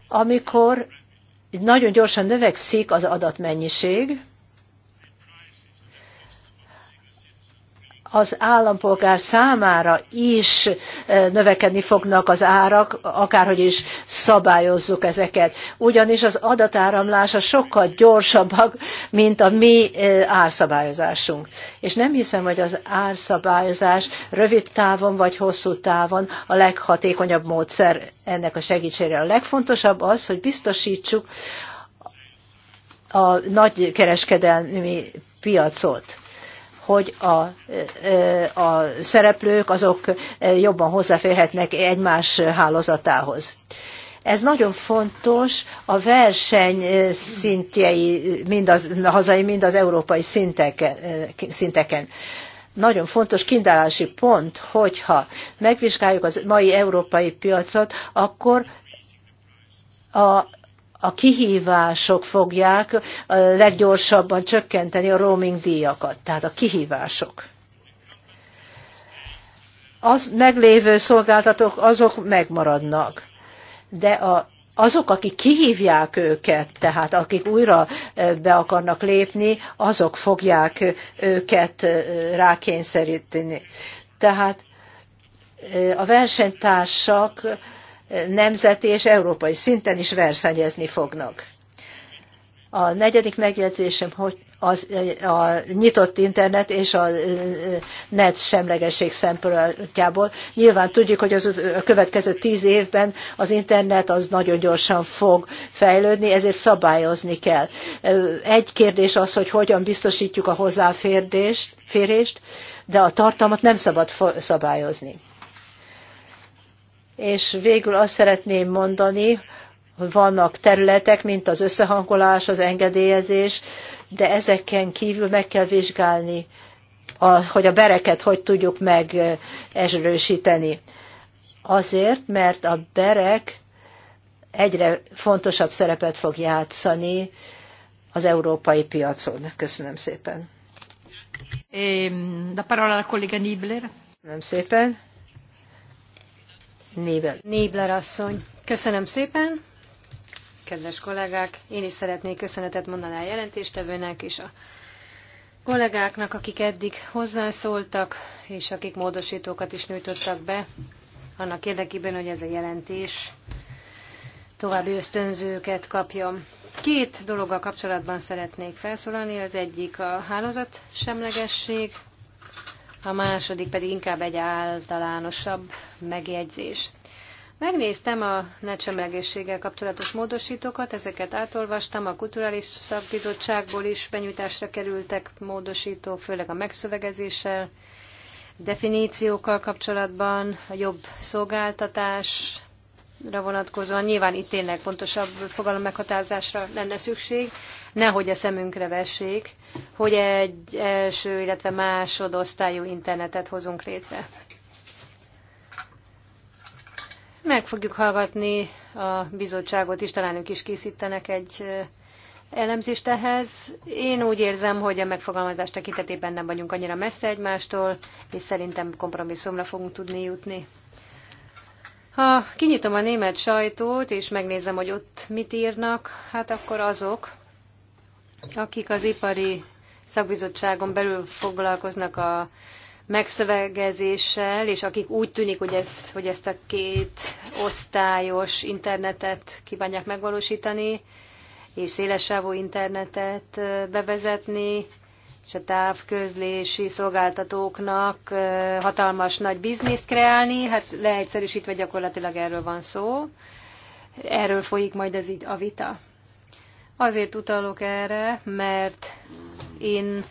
Amikor nagyon gyorsan növekszik az adatmennyiség, az állampolgár számára is eh, növekedni fognak az árak, akárhogy is szabályozzuk ezeket. Ugyanis az adatáramlása sokkal gyorsabbak, mint a mi eh, árszabályozásunk. És nem hiszem, hogy az árszabályozás rövid távon vagy hosszú távon a leghatékonyabb módszer ennek a segítségére. A legfontosabb az, hogy biztosítsuk a nagy kereskedelmi piacot hogy a, a szereplők azok jobban hozzáférhetnek egymás hálózatához. Ez nagyon fontos a verseny szintjei, mind az, a hazai, mind az európai szinteken. szinteken nagyon fontos kindálási pont, hogyha megvizsgáljuk az mai európai piacot, akkor a, a kihívások fogják leggyorsabban csökkenteni a roaming díjakat. Tehát a kihívások. Az meglévő szolgáltatók azok megmaradnak, de a azok, akik kihívják őket, tehát akik újra be akarnak lépni, azok fogják őket rákényszeríteni. Tehát a versenytársak nemzeti és európai szinten is versenyezni fognak. A negyedik megjegyzésem, hogy az, a nyitott internet és a net semlegesség szempontjából. Nyilván tudjuk, hogy az, a következő tíz évben az internet az nagyon gyorsan fog fejlődni, ezért szabályozni kell. Egy kérdés az, hogy hogyan biztosítjuk a hozzáférést, de a tartalmat nem szabad szabályozni és végül azt szeretném mondani, hogy vannak területek, mint az összehangolás, az engedélyezés, de ezeken kívül meg kell vizsgálni, a, hogy a bereket hogy tudjuk megerősíteni. Azért, mert a berek egyre fontosabb szerepet fog játszani az európai piacon. Köszönöm szépen. Ehm, a parola a kollega Nibler. Köszönöm szépen. Nébel. Nébler asszony. Köszönöm szépen. Kedves kollégák, én is szeretnék köszönetet mondani a jelentéstevőnek és a kollégáknak, akik eddig hozzászóltak, és akik módosítókat is nyújtottak be, annak érdekében, hogy ez a jelentés további ösztönzőket kapjon. Két dologgal kapcsolatban szeretnék felszólalni, az egyik a hálózat semlegesség, a második pedig inkább egy általánosabb megjegyzés. Megnéztem a necsemlegészséggel kapcsolatos módosítókat, ezeket átolvastam, a Kulturális Szakbizottságból is benyújtásra kerültek módosítók, főleg a megszövegezéssel, definíciókkal kapcsolatban, a jobb szolgáltatásra vonatkozóan nyilván itt tényleg pontosabb fogalom meghatározásra lenne szükség, nehogy a szemünkre vessék, hogy egy első, illetve másodosztályú internetet hozunk létre. Meg fogjuk hallgatni a bizottságot is, talán ők is készítenek egy elemzést ehhez. Én úgy érzem, hogy a megfogalmazás tekintetében nem vagyunk annyira messze egymástól, és szerintem kompromisszumra fogunk tudni jutni. Ha kinyitom a német sajtót, és megnézem, hogy ott mit írnak, hát akkor azok, akik az ipari szakbizottságon belül foglalkoznak a megszövegezéssel, és akik úgy tűnik, hogy, ez, hogy ezt a két osztályos internetet kívánják megvalósítani, és szélesávú internetet bevezetni, és a távközlési szolgáltatóknak hatalmas nagy bizniszt kreálni, hát leegyszerűsítve gyakorlatilag erről van szó. Erről folyik majd ez így a vita. Azért utalok erre, mert én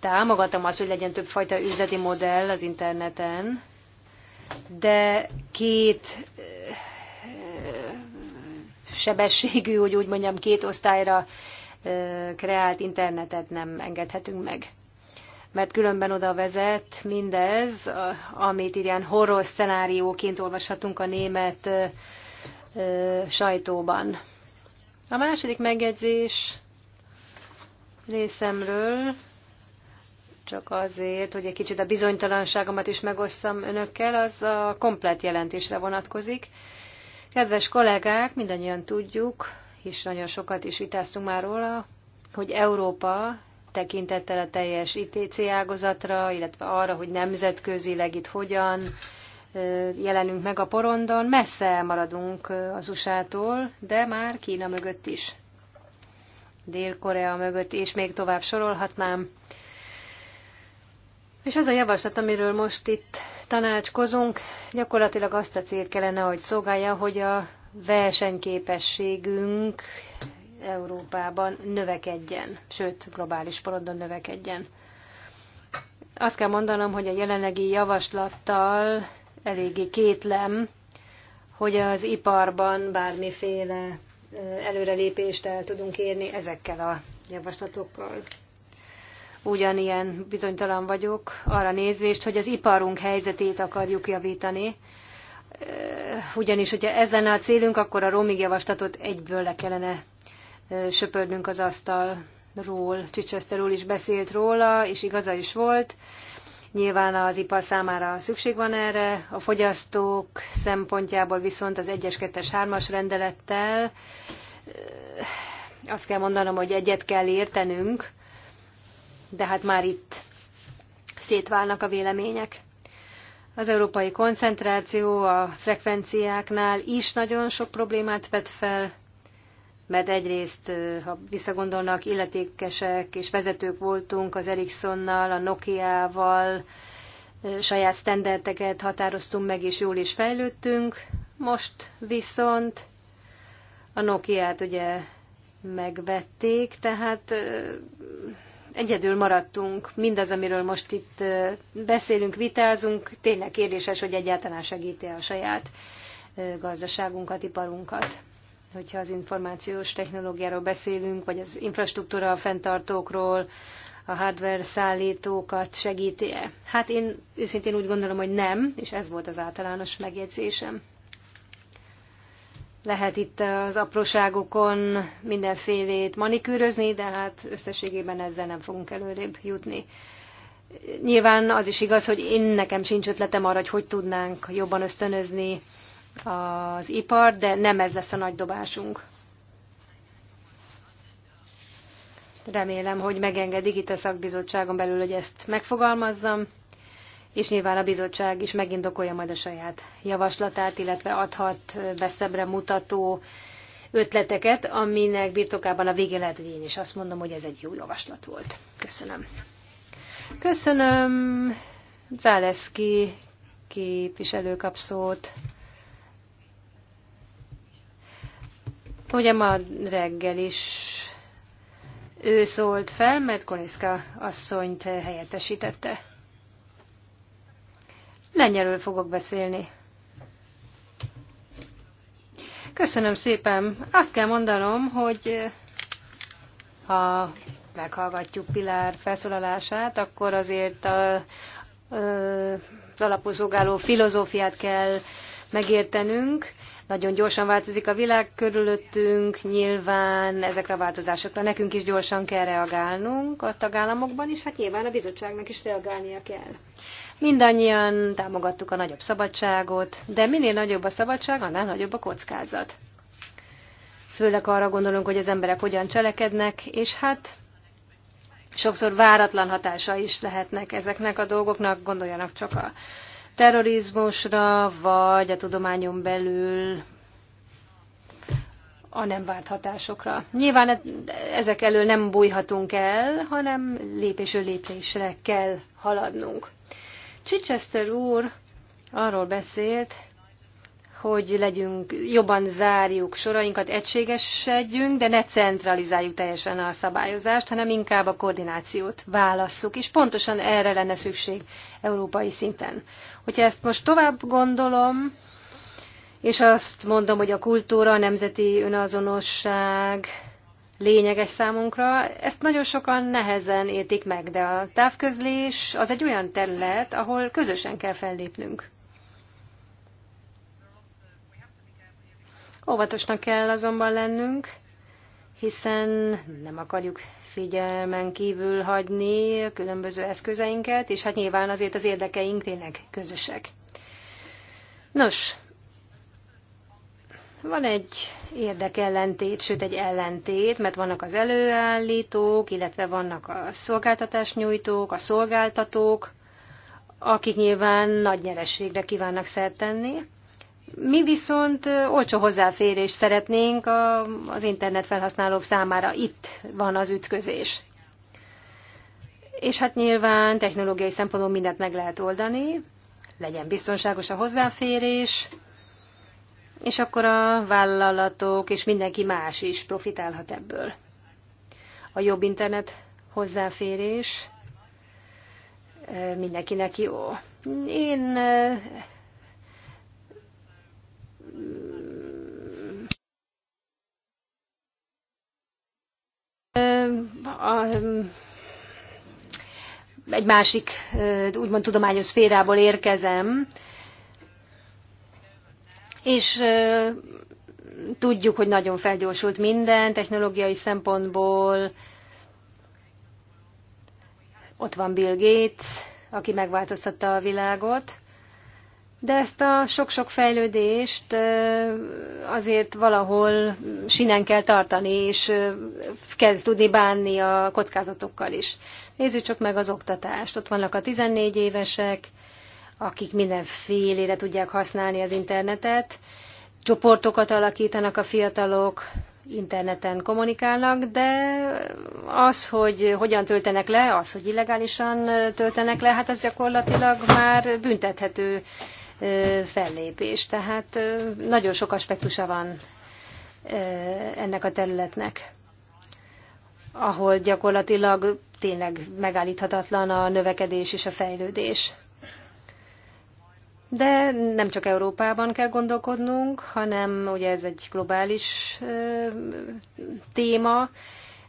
támogatom azt, hogy legyen többfajta üzleti modell az interneten, de két eh, sebességű, hogy úgy mondjam, két osztályra eh, kreált internetet nem engedhetünk meg. Mert különben oda vezet mindez, amit ilyen horror szenárióként olvashatunk a német eh, sajtóban. A második megjegyzés részemről csak azért, hogy egy kicsit a bizonytalanságomat is megosszam önökkel, az a komplet jelentésre vonatkozik. Kedves kollégák, mindannyian tudjuk, és nagyon sokat is vitáztunk már róla, hogy Európa tekintettel a teljes ITC ágazatra, illetve arra, hogy nemzetközileg itt hogyan jelenünk meg a porondon, messze maradunk az usa de már Kína mögött is. Dél-Korea mögött, és még tovább sorolhatnám. És az a javaslat, amiről most itt tanácskozunk, gyakorlatilag azt a célt kellene, hogy szolgálja, hogy a versenyképességünk Európában növekedjen, sőt, globális porondon növekedjen. Azt kell mondanom, hogy a jelenlegi javaslattal eléggé kétlem, hogy az iparban bármiféle előrelépést el tudunk érni ezekkel a javaslatokkal. Ugyanilyen bizonytalan vagyok arra nézvést, hogy az iparunk helyzetét akarjuk javítani, ugyanis, hogyha ez lenne a célunk, akkor a romig javaslatot egyből le kellene söpörnünk az asztalról. Chichester úr is beszélt róla, és igaza is volt. Nyilván az ipar számára szükség van erre, a fogyasztók szempontjából viszont az 1-es, 2-es, 3-as rendelettel eh, azt kell mondanom, hogy egyet kell értenünk, de hát már itt szétválnak a vélemények. Az európai koncentráció a frekvenciáknál is nagyon sok problémát vet fel, mert egyrészt, ha visszagondolnak, illetékesek és vezetők voltunk az Ericssonnal, a Nokia-val, saját standardeket határoztunk meg, és jól is fejlődtünk. Most viszont a Nokia-t ugye megvették, tehát egyedül maradtunk. Mindaz, amiről most itt beszélünk, vitázunk, tényleg kérdéses, hogy egyáltalán segíti a saját gazdaságunkat, iparunkat hogyha az információs technológiáról beszélünk, vagy az infrastruktúra a fenntartókról, a hardware szállítókat segíti -e? Hát én őszintén úgy gondolom, hogy nem, és ez volt az általános megjegyzésem. Lehet itt az apróságokon mindenfélét manikűrözni, de hát összességében ezzel nem fogunk előrébb jutni. Nyilván az is igaz, hogy én nekem sincs ötletem arra, hogy hogy tudnánk jobban ösztönözni az ipar, de nem ez lesz a nagy dobásunk. Remélem, hogy megengedik itt a szakbizottságon belül, hogy ezt megfogalmazzam, és nyilván a bizottság is megindokolja majd a saját javaslatát, illetve adhat messzebbre mutató ötleteket, aminek birtokában a végén lehet, hogy én is azt mondom, hogy ez egy jó javaslat volt. Köszönöm. Köszönöm. Záleszki képviselő kap szót. Ugye ma reggel is ő szólt fel, mert Koniszka asszonyt helyettesítette. Lengyelről fogok beszélni. Köszönöm szépen. Azt kell mondanom, hogy ha meghallgatjuk Pilár felszólalását, akkor azért a, az alapozógáló filozófiát kell megértenünk. Nagyon gyorsan változik a világ körülöttünk, nyilván ezekre a változásokra nekünk is gyorsan kell reagálnunk a tagállamokban, és hát nyilván a bizottságnak is reagálnia kell. Mindannyian támogattuk a nagyobb szabadságot, de minél nagyobb a szabadság, annál nagyobb a kockázat. Főleg arra gondolunk, hogy az emberek hogyan cselekednek, és hát sokszor váratlan hatása is lehetnek ezeknek a dolgoknak, gondoljanak csak a terrorizmusra, vagy a tudományon belül a nem várt hatásokra. Nyilván e- ezek elől nem bújhatunk el, hanem lépésről lépésre kell haladnunk. Chichester úr arról beszélt, hogy legyünk, jobban zárjuk sorainkat, egységesedjünk, de ne centralizáljuk teljesen a szabályozást, hanem inkább a koordinációt válasszuk, és pontosan erre lenne szükség európai szinten. Hogyha ezt most tovább gondolom, és azt mondom, hogy a kultúra, a nemzeti önazonosság lényeges számunkra, ezt nagyon sokan nehezen értik meg, de a távközlés az egy olyan terület, ahol közösen kell fellépnünk. Óvatosnak kell azonban lennünk, hiszen nem akarjuk figyelmen kívül hagyni a különböző eszközeinket, és hát nyilván azért az érdekeink tényleg közösek. Nos, van egy érdekellentét, sőt egy ellentét, mert vannak az előállítók, illetve vannak a szolgáltatásnyújtók, a szolgáltatók, akik nyilván nagy nyerességre kívánnak szert tenni, mi viszont olcsó hozzáférés szeretnénk az internet felhasználók számára. Itt van az ütközés. És hát nyilván technológiai szempontból mindent meg lehet oldani, legyen biztonságos a hozzáférés, és akkor a vállalatok és mindenki más is profitálhat ebből. A jobb internet hozzáférés mindenkinek jó. Én egy másik, úgymond tudományos szférából érkezem, és tudjuk, hogy nagyon felgyorsult minden technológiai szempontból. Ott van Bill Gates, aki megváltoztatta a világot de ezt a sok-sok fejlődést azért valahol sinen kell tartani, és kell tudni bánni a kockázatokkal is. Nézzük csak meg az oktatást. Ott vannak a 14 évesek, akik mindenfélére tudják használni az internetet, csoportokat alakítanak a fiatalok, interneten kommunikálnak, de az, hogy hogyan töltenek le, az, hogy illegálisan töltenek le, hát az gyakorlatilag már büntethető fellépés. Tehát nagyon sok aspektusa van ennek a területnek, ahol gyakorlatilag tényleg megállíthatatlan a növekedés és a fejlődés. De nem csak Európában kell gondolkodnunk, hanem ugye ez egy globális téma,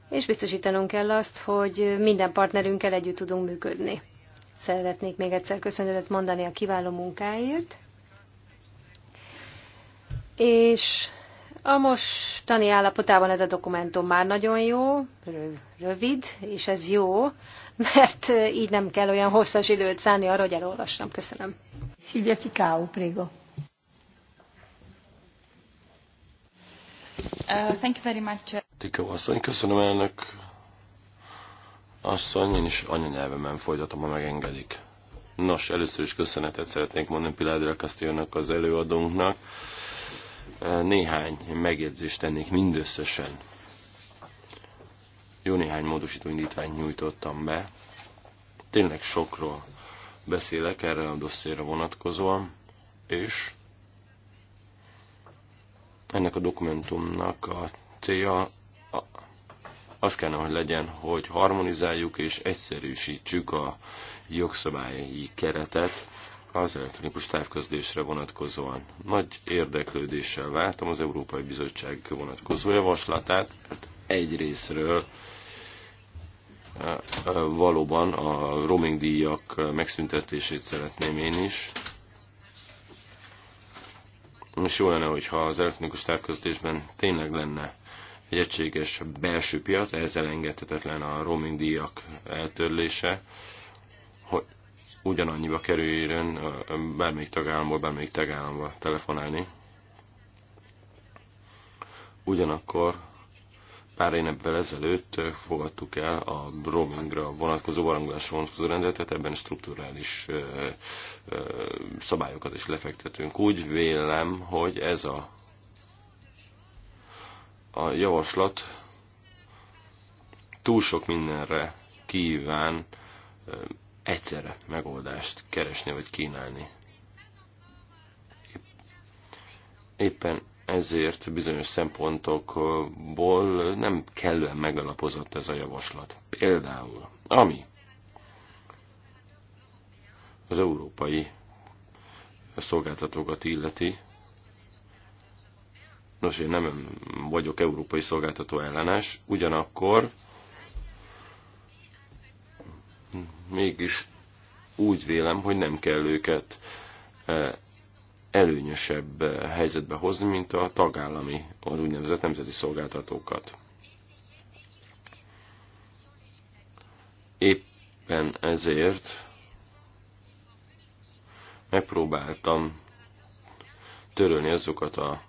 és biztosítanunk kell azt, hogy minden partnerünkkel együtt tudunk működni szeretnék még egyszer köszönetet mondani a kiváló munkáért. És a mostani állapotában ez a dokumentum már nagyon jó, rövid, és ez jó, mert így nem kell olyan hosszas időt szállni arra, hogy elolvassam. Köszönöm. Silvia Ficao, prego. Uh, thank you very much. Tikó asszony, köszönöm elnök asszony, én is anyanyelvemen folytatom, ha megengedik. Nos, először is köszönetet szeretnék mondani Piládra Castillonak az előadónknak. Néhány megjegyzést tennék mindösszesen. Jó néhány módosító indítványt nyújtottam be. Tényleg sokról beszélek erre a dosszéra vonatkozóan, és ennek a dokumentumnak a célja az kellene, hogy legyen, hogy harmonizáljuk és egyszerűsítsük a jogszabályi keretet az elektronikus távközlésre vonatkozóan. Nagy érdeklődéssel váltam az Európai Bizottság vonatkozó javaslatát, mert egy részről e, e, valóban a roaming díjak megszüntetését szeretném én is. És jó lenne, hogyha az elektronikus távközlésben tényleg lenne egy egységes belső piac, ezzel engedhetetlen a roaming díjak eltörlése, hogy ugyanannyiba kerüljön bármelyik tagállamból bármelyik tagállamba telefonálni. Ugyanakkor pár évvel ezelőtt fogadtuk el a roamingra vonatkozó, barangolásra vonatkozó rendeletet, ebben strukturális szabályokat is lefektetünk. Úgy vélem, hogy ez a a javaslat túl sok mindenre kíván egyszerre megoldást keresni vagy kínálni. Éppen ezért bizonyos szempontokból nem kellően megalapozott ez a javaslat. Például, ami az európai szolgáltatókat illeti, Nos, én nem vagyok európai szolgáltató ellenes, ugyanakkor mégis úgy vélem, hogy nem kell őket e, előnyösebb helyzetbe hozni, mint a tagállami, az úgynevezett nemzeti szolgáltatókat. Éppen ezért megpróbáltam törölni azokat a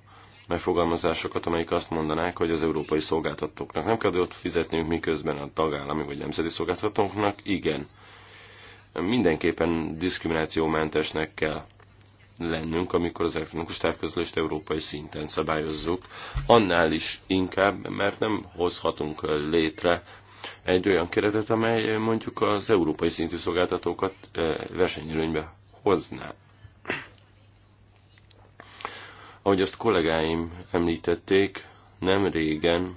megfogalmazásokat, amelyik azt mondanák, hogy az európai szolgáltatóknak nem kell adót fizetniük, miközben a tagállami vagy nemzeti szolgáltatóknak igen. Mindenképpen diszkriminációmentesnek kell lennünk, amikor az elektronikus távközlést európai szinten szabályozzuk, annál is inkább, mert nem hozhatunk létre egy olyan keretet, amely mondjuk az európai szintű szolgáltatókat eh, versenyelőnybe hozná. Ahogy azt kollégáim említették, nem régen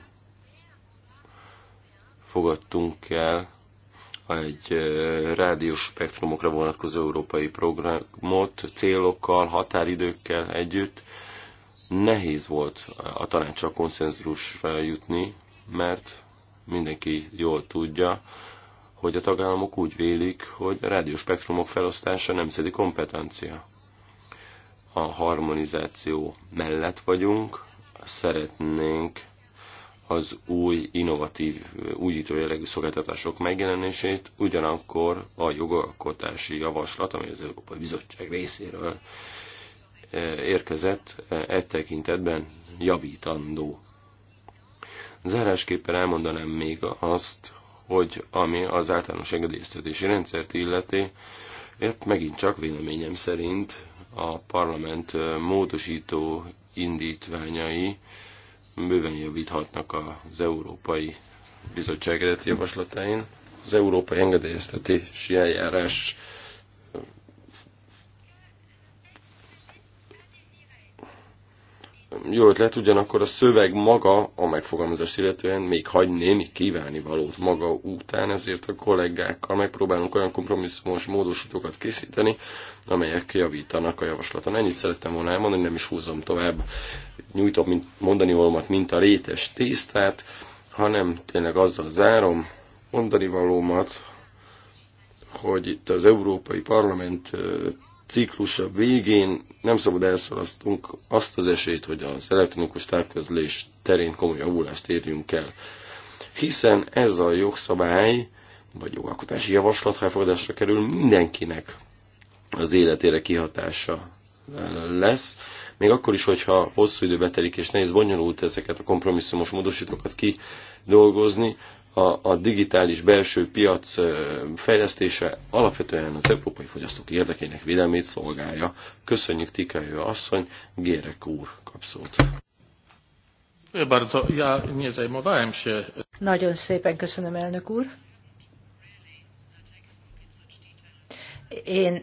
fogadtunk el egy rádiós spektrumokra vonatkozó európai programot célokkal, határidőkkel együtt. Nehéz volt a tanácsa konszenzusra jutni, mert mindenki jól tudja, hogy a tagállamok úgy vélik, hogy a rádióspektrumok felosztása nemzeti kompetencia a harmonizáció mellett vagyunk, szeretnénk az új, innovatív, újító jellegű szolgáltatások megjelenését, ugyanakkor a jogalkotási javaslat, amely az Európai Bizottság részéről e, érkezett, e, e tekintetben javítandó. Zárásképpen elmondanám még azt, hogy ami az általános engedélyeztetési rendszert illeti, ért megint csak véleményem szerint a parlament módosító indítványai bőven javíthatnak az Európai Bizottság javaslatán. Az Európai Engedélyeztetési Eljárás jó ötlet, ugyanakkor a szöveg maga, a megfogalmazás illetően még hagy némi kívánni valót maga után, ezért a kollégákkal megpróbálunk olyan kompromisszumos módosítókat készíteni, amelyek javítanak a javaslaton. Ennyit szerettem volna elmondani, nem is húzom tovább, nyújtom mint, mondani valómat, mint a rétes tésztát, hanem tényleg azzal zárom mondani valómat, hogy itt az Európai Parlament ciklusa végén nem szabad elszalasztunk azt az esélyt, hogy az elektronikus távközlés terén komoly javulást érjünk el. Hiszen ez a jogszabály, vagy jogalkotási javaslat, ha elfogadásra kerül, mindenkinek az életére kihatása lesz, még akkor is, hogyha hosszú idő betelik és nehéz bonyolult ezeket a kompromisszumos módosítókat kidolgozni, a, a digitális belső piac fejlesztése alapvetően az európai fogyasztók érdekének védelmét szolgálja. Köszönjük Tikájő asszony, Gérek úr kapszót. Nagyon szépen köszönöm, elnök úr. Én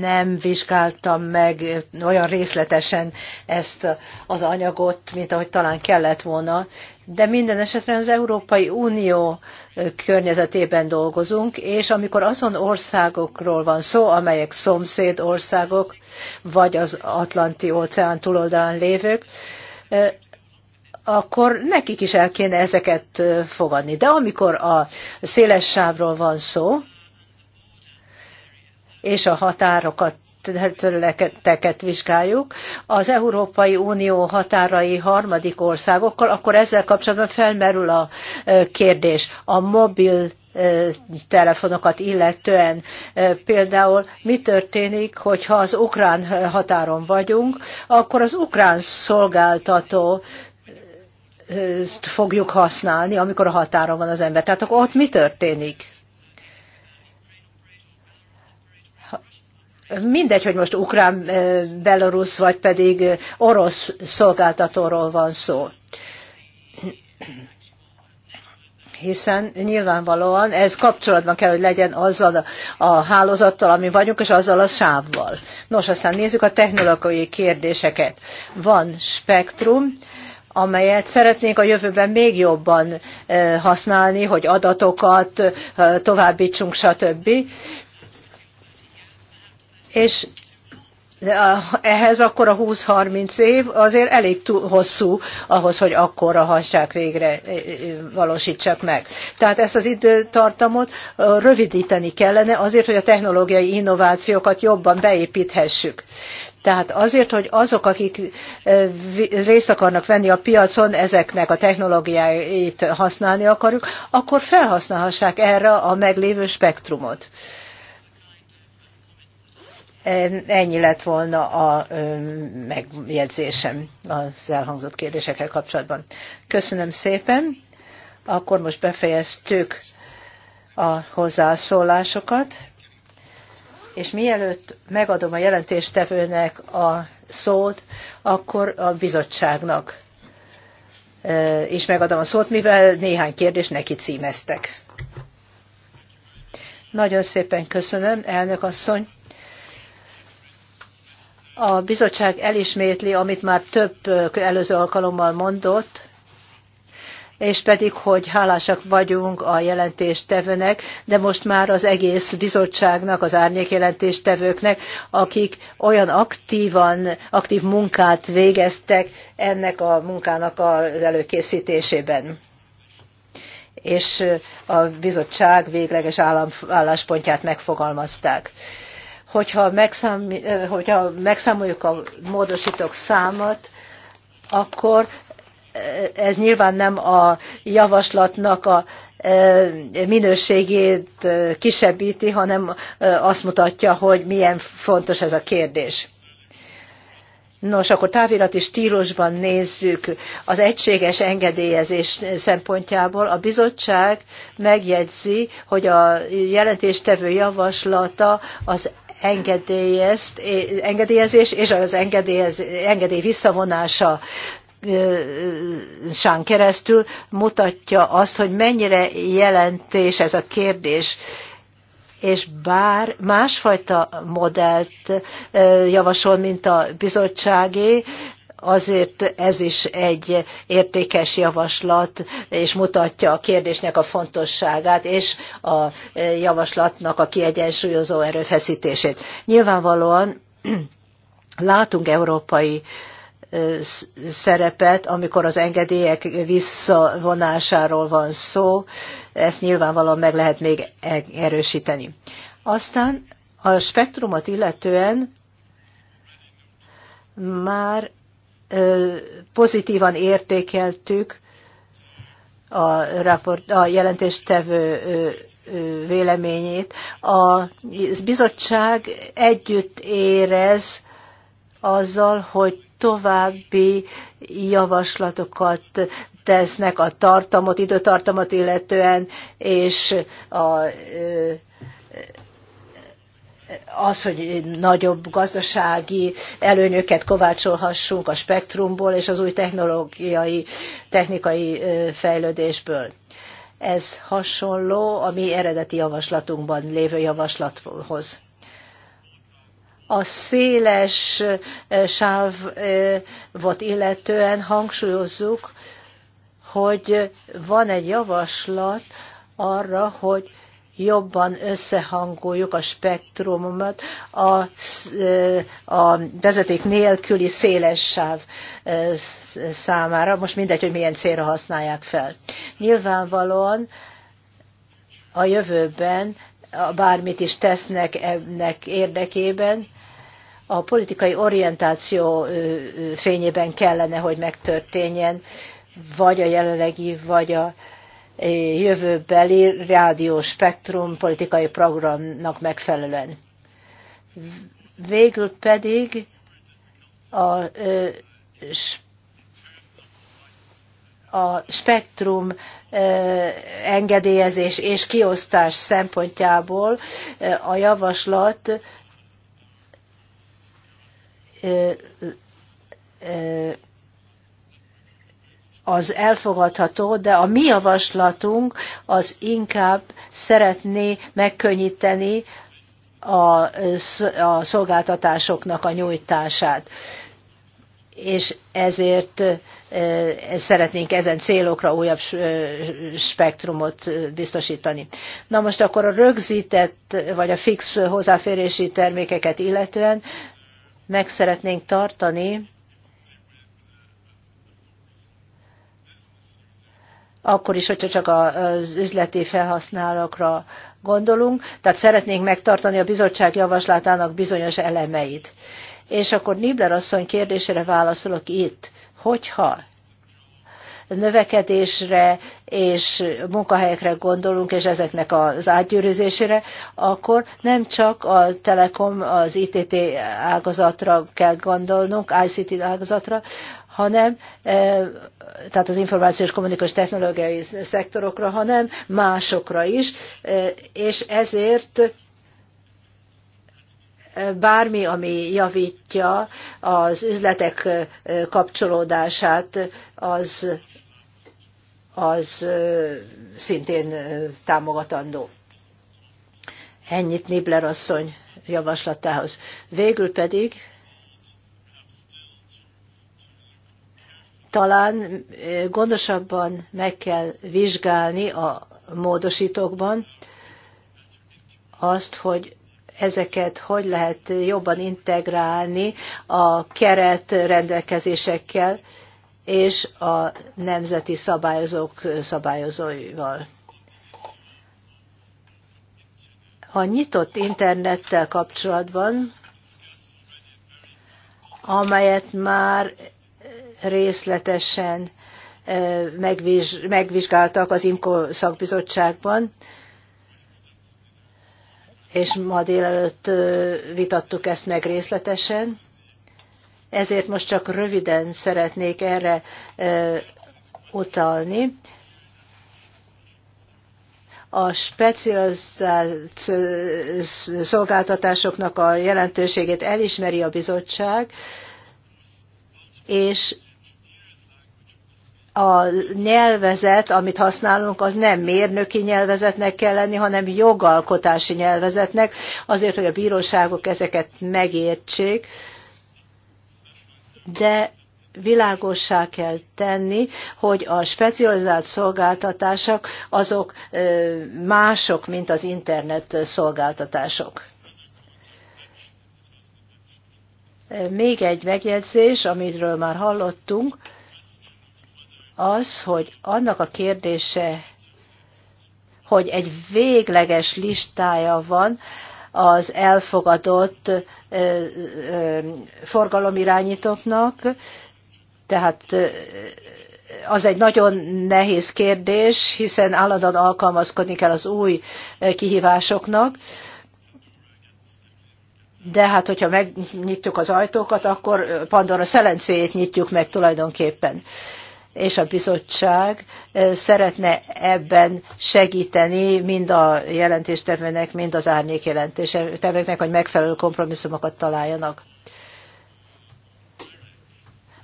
nem vizsgáltam meg olyan részletesen ezt az anyagot, mint ahogy talán kellett volna, de minden esetre az Európai Unió környezetében dolgozunk, és amikor azon országokról van szó, amelyek szomszéd országok, vagy az Atlanti óceán túloldalán lévők, akkor nekik is el kéne ezeket fogadni. De amikor a széles sávról van szó, és a határokat területeket vizsgáljuk, az Európai Unió határai harmadik országokkal, akkor ezzel kapcsolatban felmerül a kérdés. A mobil telefonokat illetően. Például mi történik, hogyha az ukrán határon vagyunk, akkor az ukrán szolgáltató fogjuk használni, amikor a határon van az ember. Tehát akkor ott mi történik? Mindegy, hogy most ukrán, belorusz vagy pedig orosz szolgáltatóról van szó. Hiszen nyilvánvalóan ez kapcsolatban kell, hogy legyen azzal a hálózattal, ami vagyunk, és azzal a sávval. Nos, aztán nézzük a technológiai kérdéseket. Van spektrum, amelyet szeretnénk a jövőben még jobban használni, hogy adatokat továbbítsunk, stb és ehhez akkor a 20-30 év azért elég hosszú ahhoz, hogy akkor a hasság végre, e, e, valósítsák meg. Tehát ezt az időtartamot rövidíteni kellene azért, hogy a technológiai innovációkat jobban beépíthessük. Tehát azért, hogy azok, akik részt akarnak venni a piacon, ezeknek a technológiáit használni akarjuk, akkor felhasználhassák erre a meglévő spektrumot. Ennyi lett volna a megjegyzésem az elhangzott kérdésekkel kapcsolatban. Köszönöm szépen. Akkor most befejeztük a hozzászólásokat, és mielőtt megadom a jelentéstevőnek a szót, akkor a bizottságnak és megadom a szót, mivel néhány kérdést neki címeztek. Nagyon szépen köszönöm, elnök asszony a bizottság elismétli, amit már több előző alkalommal mondott, és pedig, hogy hálásak vagyunk a jelentéstevőnek, de most már az egész bizottságnak, az árnyék jelentéstevőknek, akik olyan aktívan, aktív munkát végeztek ennek a munkának az előkészítésében és a bizottság végleges álláspontját megfogalmazták hogyha, megszám, eh, hogyha megszámoljuk a módosítók számát, akkor eh, ez nyilván nem a javaslatnak a eh, minőségét kisebbíti, hanem azt mutatja, hogy milyen fontos ez a kérdés. Nos, akkor távirati stílusban nézzük az egységes engedélyezés szempontjából. A bizottság megjegyzi, hogy a jelentéstevő javaslata az engedélyezt, eh, engedélyezés és az engedély visszavonása eh, sán keresztül mutatja azt, hogy mennyire jelentés ez a kérdés és bár másfajta modellt eh, javasol, mint a bizottságé, azért ez is egy értékes javaslat, és mutatja a kérdésnek a fontosságát, és a javaslatnak a kiegyensúlyozó erőfeszítését. Nyilvánvalóan látunk európai szerepet, amikor az engedélyek visszavonásáról van szó, ezt nyilvánvalóan meg lehet még e-, erősíteni. Aztán a spektrumot illetően már pozitívan értékeltük a, raport, a jelentéstevő véleményét. A bizottság együtt érez azzal, hogy további javaslatokat tesznek a tartamot, időtartamot illetően, és a az, hogy nagyobb gazdasági előnyöket kovácsolhassunk a spektrumból és az új technológiai, technikai fejlődésből. Ez hasonló a mi eredeti javaslatunkban lévő javaslathoz. A széles sávot illetően hangsúlyozzuk, hogy van egy javaslat arra, hogy jobban összehangoljuk a spektrumot a, a vezeték nélküli széles sáv számára. Most mindegy, hogy milyen célra használják fel. Nyilvánvalóan a jövőben bármit is tesznek ennek érdekében, a politikai orientáció fényében kellene, hogy megtörténjen, vagy a jelenlegi, vagy a Eh, jövőbeli rádió spektrum politikai programnak megfelelően. Végül pedig a, a spektrum engedélyezés és kiosztás szempontjából a javaslat az elfogadható, de a mi javaslatunk az inkább szeretné megkönnyíteni a, a szolgáltatásoknak a nyújtását. És ezért e, e, szeretnénk ezen célokra újabb e, spektrumot biztosítani. Na most akkor a rögzített vagy a fix hozzáférési termékeket illetően meg szeretnénk tartani akkor is, hogyha csak az üzleti felhasználókra gondolunk. Tehát szeretnénk megtartani a bizottság javaslatának bizonyos elemeit. És akkor Nibler asszony kérdésére válaszolok itt, hogyha növekedésre és munkahelyekre gondolunk, és ezeknek az átgyűrűzésére, akkor nem csak a Telekom, az ITT ágazatra kell gondolnunk, ICT ágazatra, hanem e, tehát az információs kommunikációs technológiai szektorokra, hanem másokra is, e, és ezért e, bármi, ami javítja az üzletek kapcsolódását, az, az szintén támogatandó. Ennyit Nibler asszony javaslatához. Végül pedig talán gondosabban meg kell vizsgálni a módosítókban azt, hogy ezeket hogy lehet jobban integrálni a keret rendelkezésekkel és a nemzeti szabályozók szabályozóival. A nyitott internettel kapcsolatban amelyet már részletesen megvizsgáltak az IMKO szakbizottságban, és ma délelőtt vitattuk ezt meg részletesen. Ezért most csak röviden szeretnék erre utalni. A specializált szolgáltatásoknak a jelentőségét elismeri a bizottság, és a nyelvezet, amit használunk, az nem mérnöki nyelvezetnek kell lenni, hanem jogalkotási nyelvezetnek, azért, hogy a bíróságok ezeket megértsék, de világossá kell tenni, hogy a specializált szolgáltatások azok mások, mint az internet szolgáltatások. Még egy megjegyzés, amiről már hallottunk, az, hogy annak a kérdése, hogy egy végleges listája van az elfogadott forgalomirányítóknak, tehát az egy nagyon nehéz kérdés, hiszen állandóan alkalmazkodni kell az új kihívásoknak. De hát, hogyha megnyitjuk az ajtókat, akkor Pandora szelencéjét nyitjuk meg tulajdonképpen és a bizottság szeretne ebben segíteni mind a jelentéstevőnek, mind az árnyék jelentéstevőknek, hogy megfelelő kompromisszumokat találjanak.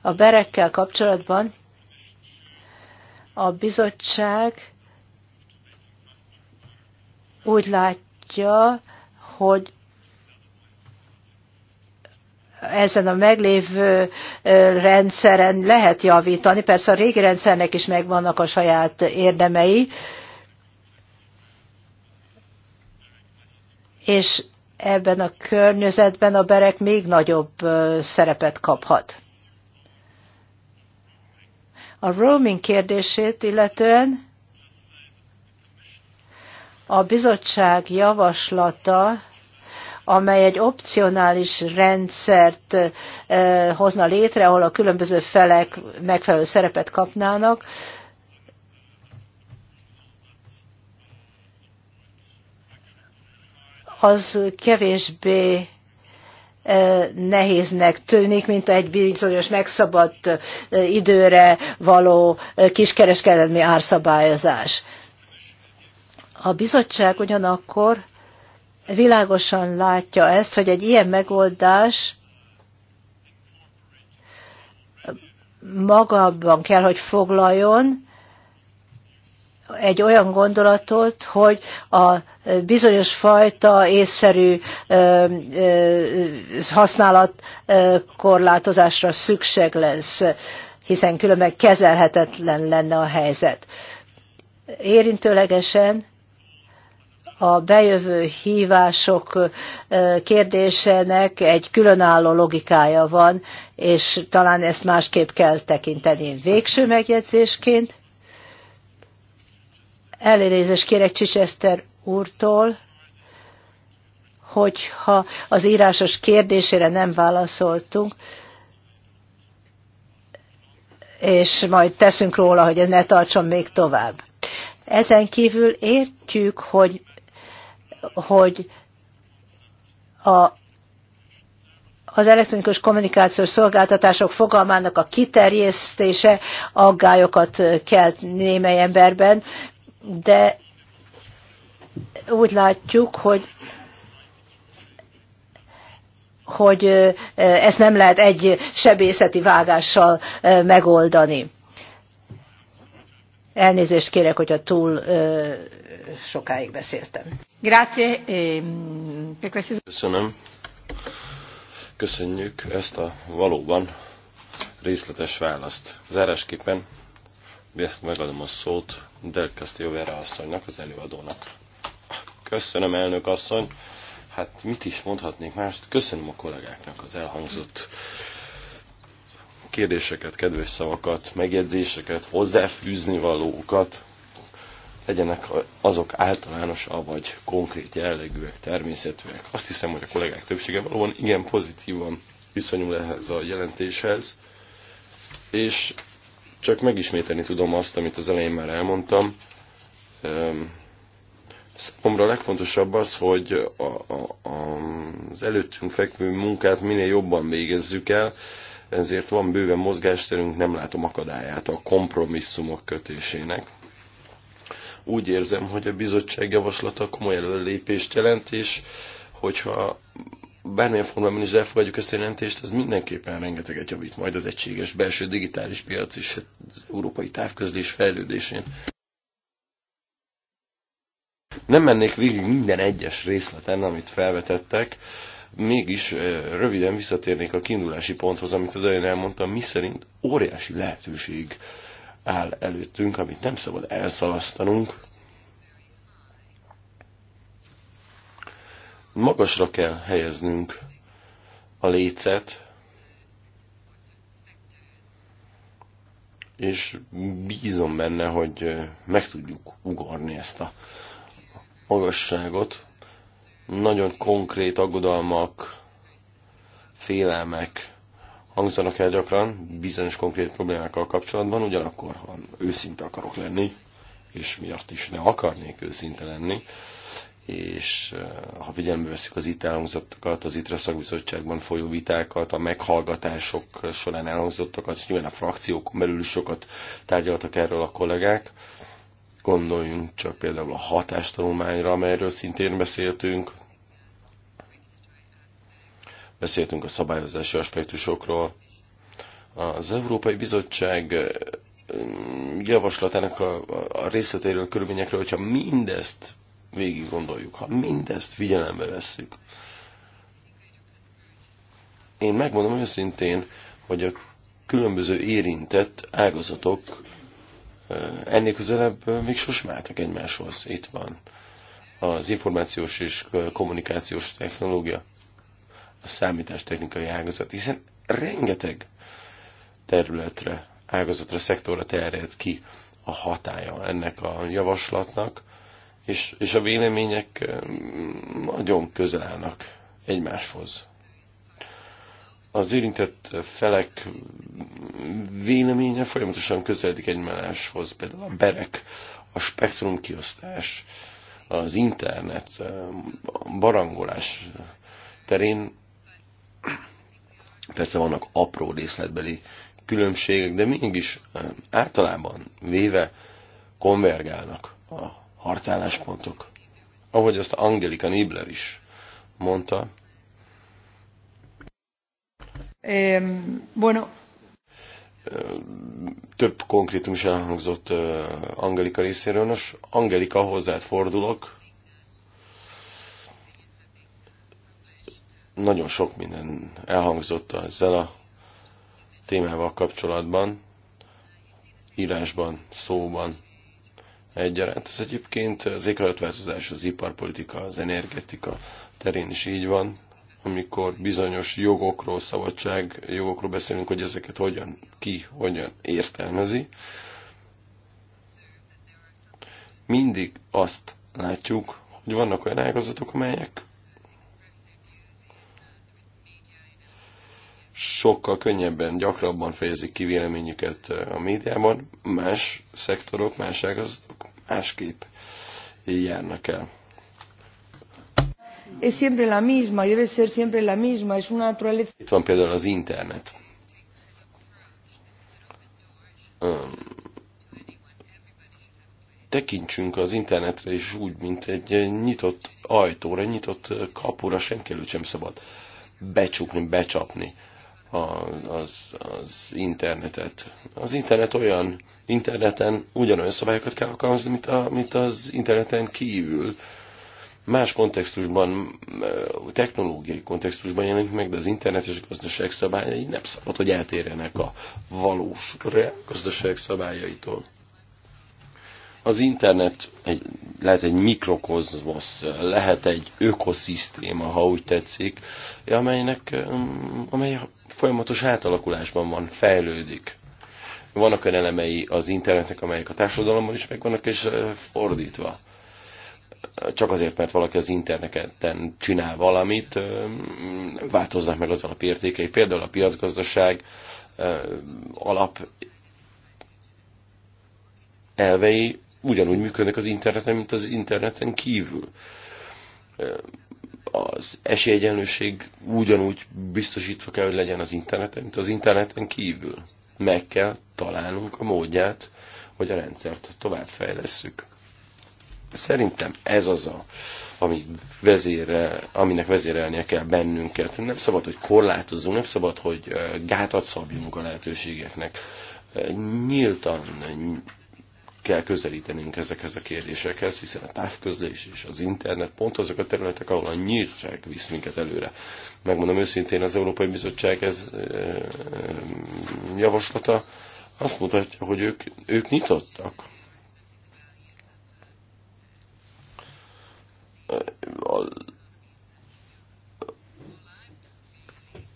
A berekkel kapcsolatban a bizottság úgy látja, hogy ezen a meglévő rendszeren lehet javítani. Persze a régi rendszernek is megvannak a saját érdemei, és ebben a környezetben a berek még nagyobb szerepet kaphat. A roaming kérdését illetően a bizottság javaslata amely egy opcionális rendszert hozna létre, ahol a különböző felek megfelelő szerepet kapnának, az kevésbé nehéznek tűnik, mint egy bizonyos megszabott időre való kiskereskedelmi árszabályozás. A bizottság ugyanakkor világosan látja ezt, hogy egy ilyen megoldás magabban kell, hogy foglaljon egy olyan gondolatot, hogy a bizonyos fajta észszerű használat korlátozásra szükség lesz, hiszen különben kezelhetetlen lenne a helyzet. Érintőlegesen a bejövő hívások kérdésének egy különálló logikája van, és talán ezt másképp kell tekinteni végső megjegyzésként. Elérézést kérek Csicseszter úrtól, hogyha az írásos kérdésére nem válaszoltunk, és majd teszünk róla, hogy ez ne tartson még tovább. Ezen kívül értjük, hogy hogy a, az elektronikus kommunikációs szolgáltatások fogalmának a kiterjesztése aggályokat kelt némely emberben, de úgy látjuk, hogy hogy ezt nem lehet egy sebészeti vágással megoldani. Elnézést kérek, hogyha túl ö, sokáig beszéltem. Grazie. Eh, Köszönöm. Köszönjük ezt a valóban részletes választ. Zárásképpen megadom a szót Del Castillo asszonynak, az előadónak. Köszönöm, elnök asszony. Hát mit is mondhatnék mást? Köszönöm a kollégáknak az elhangzott kérdéseket, kedves szavakat, megjegyzéseket, hozzáfűzni valókat, legyenek azok általános, vagy konkrét jellegűek, természetűek. Azt hiszem, hogy a kollégák többsége valóban igen pozitívan viszonyul ehhez a jelentéshez, és csak megismételni tudom azt, amit az elején már elmondtam. Számomra a legfontosabb az, hogy a, a, a, az előttünk fekvő munkát minél jobban végezzük el, ezért van bőven mozgásterünk, nem látom akadályát a kompromisszumok kötésének. Úgy érzem, hogy a bizottság javaslata komoly előlépést jelent, és hogyha bármilyen formában is elfogadjuk ezt a jelentést, az mindenképpen rengeteget javít majd az egységes belső digitális piac és az európai távközlés fejlődésén. Nem mennék végig minden egyes részleten, amit felvetettek, mégis röviden visszatérnék a kiindulási ponthoz, amit az elején elmondtam, mi szerint óriási lehetőség áll előttünk, amit nem szabad elszalasztanunk. Magasra kell helyeznünk a lécet, és bízom benne, hogy meg tudjuk ugorni ezt a magasságot, nagyon konkrét aggodalmak, félelmek hangzanak el gyakran bizonyos konkrét problémákkal kapcsolatban, ugyanakkor, ha őszinte akarok lenni, és miért is ne akarnék őszinte lenni, és eh, ha figyelembe veszük az itt elhangzottakat, az itra szakbizottságban folyó vitákat, a meghallgatások során elhangzottakat, és nyilván a frakciókon belül is sokat tárgyaltak erről a kollégák, Gondoljunk csak például a hatástanulmányra, amelyről szintén beszéltünk. Beszéltünk a szabályozási aspektusokról. Az Európai Bizottság mm, javaslatának a, a részletéről, körülményekről, hogyha mindezt végig gondoljuk, ha mindezt figyelembe vesszük, én megmondom őszintén, hogy a különböző érintett ágazatok ennél közelebb még sosem álltak egymáshoz. Itt van az információs és kommunikációs technológia, a számítástechnikai ágazat, hiszen rengeteg területre, ágazatra, szektorra terjed ki a hatája ennek a javaslatnak, és, és a vélemények nagyon közel állnak egymáshoz az érintett felek véleménye folyamatosan közeledik egymáshoz, például a berek, a spektrum kiosztás, az internet, a barangolás terén persze vannak apró részletbeli különbségek, de mégis eh, általában véve konvergálnak a harcálláspontok. Ahogy azt Angelika Nibler is mondta, Eh, bueno. Több konkrétum is elhangzott Angelika részéről. Nos, Angelika, hozzád fordulok. Nagyon sok minden elhangzott ezzel a témával kapcsolatban, írásban, szóban egyaránt. Ez egyébként az éghajlatváltozás, az iparpolitika, az energetika terén is így van amikor bizonyos jogokról, szabadság jogokról beszélünk, hogy ezeket hogyan, ki, hogyan értelmezi, mindig azt látjuk, hogy vannak olyan ágazatok, amelyek sokkal könnyebben, gyakrabban fejezik ki véleményüket a médiában, más szektorok, más ágazatok másképp járnak el es siempre la misma, debe ser siempre la misma, es una naturaleza. Itt van például az internet. Um, tekintsünk az internetre is úgy, mint egy nyitott ajtóra, nyitott kapura, senki előtt sem szabad becsukni, becsapni az, az internetet. Az internet olyan, interneten ugyanolyan szabályokat kell alkalmazni, mint, a, mint az interneten kívül más kontextusban, technológiai kontextusban jelenik meg, de az internetes gazdaság szabályai nem szabad, hogy eltérjenek a valós gazdaság szabályaitól. Az internet egy, lehet egy mikrokozmosz, lehet egy ökoszisztéma, ha úgy tetszik, amelynek, amely folyamatos átalakulásban van, fejlődik vannak olyan elemei az internetnek, amelyek a társadalomban is megvannak, és fordítva csak azért, mert valaki az interneten csinál valamit, változnak meg az alapértékei. Például a piacgazdaság alap elvei ugyanúgy működnek az interneten, mint az interneten kívül. Az esélyegyenlőség ugyanúgy biztosítva kell, hogy legyen az interneten, mint az interneten kívül. Meg kell találnunk a módját, hogy a rendszert továbbfejlesszük. Szerintem ez az a, ami vezére, aminek vezérelnie kell bennünket. Nem szabad, hogy korlátozzunk, nem szabad, hogy gátat szabjunk a lehetőségeknek. Nyíltan kell közelítenünk ezekhez a kérdésekhez, hiszen a távközlés és az internet pont azok a területek, ahol a nyíltság visz minket előre. Megmondom őszintén, az Európai Bizottság ez javaslata azt mutatja, hogy ők, ők nyitottak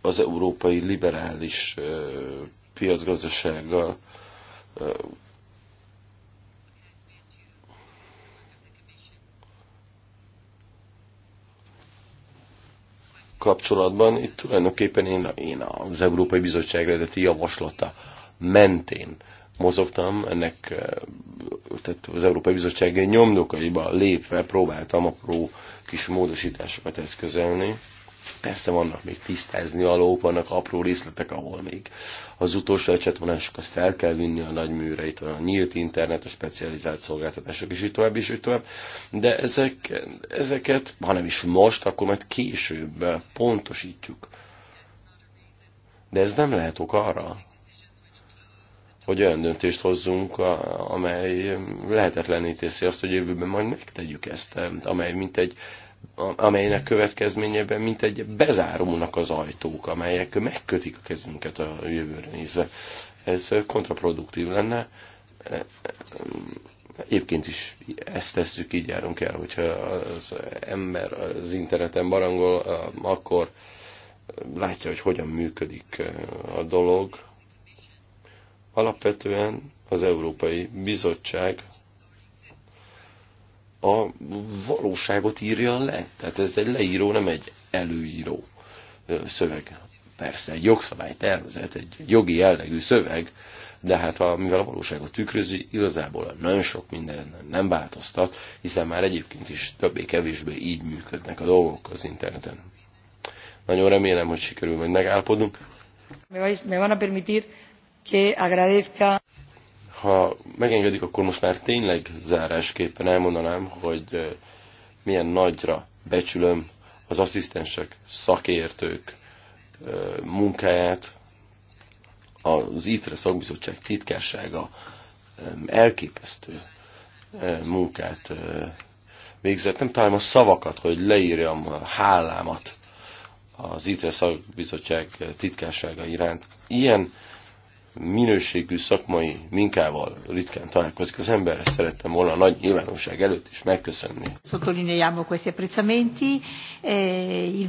az európai liberális piacgazdasággal kapcsolatban, itt tulajdonképpen én, én az Európai Bizottság eredeti javaslata mentén mozogtam, ennek eh, tehát az Európai Bizottság nyomdokaiba lépve próbáltam apró kis módosításokat eszközelni. Persze vannak még tisztázni való, vannak apró részletek, ahol még az utolsó azt fel kell vinni a nagy műre, itt a nyílt internet, a specializált szolgáltatások, és így tovább, és így tovább. De ezek, ezeket, ha nem is most, akkor majd később eh, pontosítjuk. De ez nem lehet ok arra, hogy olyan döntést hozzunk, amely lehetetlenítési azt, hogy jövőben majd megtegyük ezt, amely mint egy, amelynek következményeben mint egy bezárulnak az ajtók, amelyek megkötik a kezünket a jövőre nézve. Ez kontraproduktív lenne. Egyébként is ezt tesszük, így járunk el, hogyha az ember az interneten barangol, akkor látja, hogy hogyan működik a dolog, Alapvetően az Európai Bizottság a valóságot írja le. Tehát ez egy leíró, nem egy előíró szöveg. Persze egy jogszabálytervezet, egy jogi jellegű szöveg, de hát mivel a valóságot tükrözi, igazából nagyon sok minden nem változtat, hiszen már egyébként is többé-kevésbé így működnek a dolgok az interneten. Nagyon remélem, hogy sikerül majd megállapodnunk. Me van a permitir ha megengedik, akkor most már tényleg zárásképpen elmondanám, hogy milyen nagyra becsülöm az asszisztensek, szakértők munkáját, az ITRE szakbizottság titkársága elképesztő munkát végzett. Nem találom a szavakat, hogy leírjam a hálámat az ITRE szakbizottság titkársága iránt. Ilyen minőségű szakmai minkával ritkán találkozik az ember, ezt szerettem volna a nagy nyilvánosság előtt is megköszönni. Eh,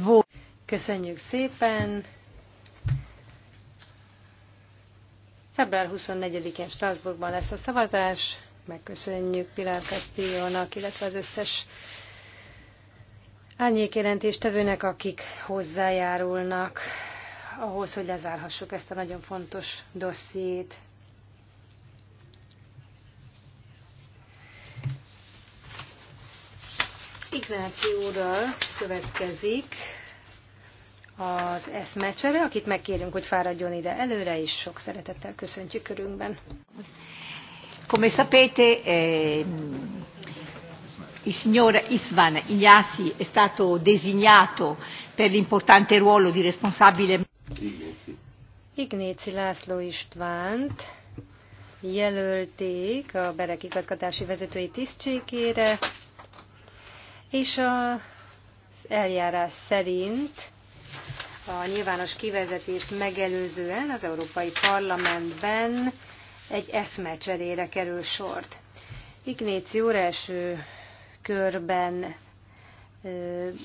Köszönjük szépen. Február 24-én Strasbourgban lesz a szavazás. Megköszönjük Pilar Castillo-nak, illetve az összes árnyékjelentéstevőnek, akik hozzájárulnak ahhoz, hogy lezárhassuk ezt a nagyon fontos dossziét. Ignációra következik az eszmecsere, akit megkérünk, hogy fáradjon ide előre, és sok szeretettel köszöntjük körünkben. Come sapete, eh, il signor Isvan Ignasi è stato designato per l'importante ruolo di responsabile Ignéci László Istvánt jelölték a Berek igazgatási vezetői tisztségére, és az eljárás szerint a nyilvános kivezetést megelőzően az Európai Parlamentben egy eszmecserére kerül sort. Ignéci úr első körben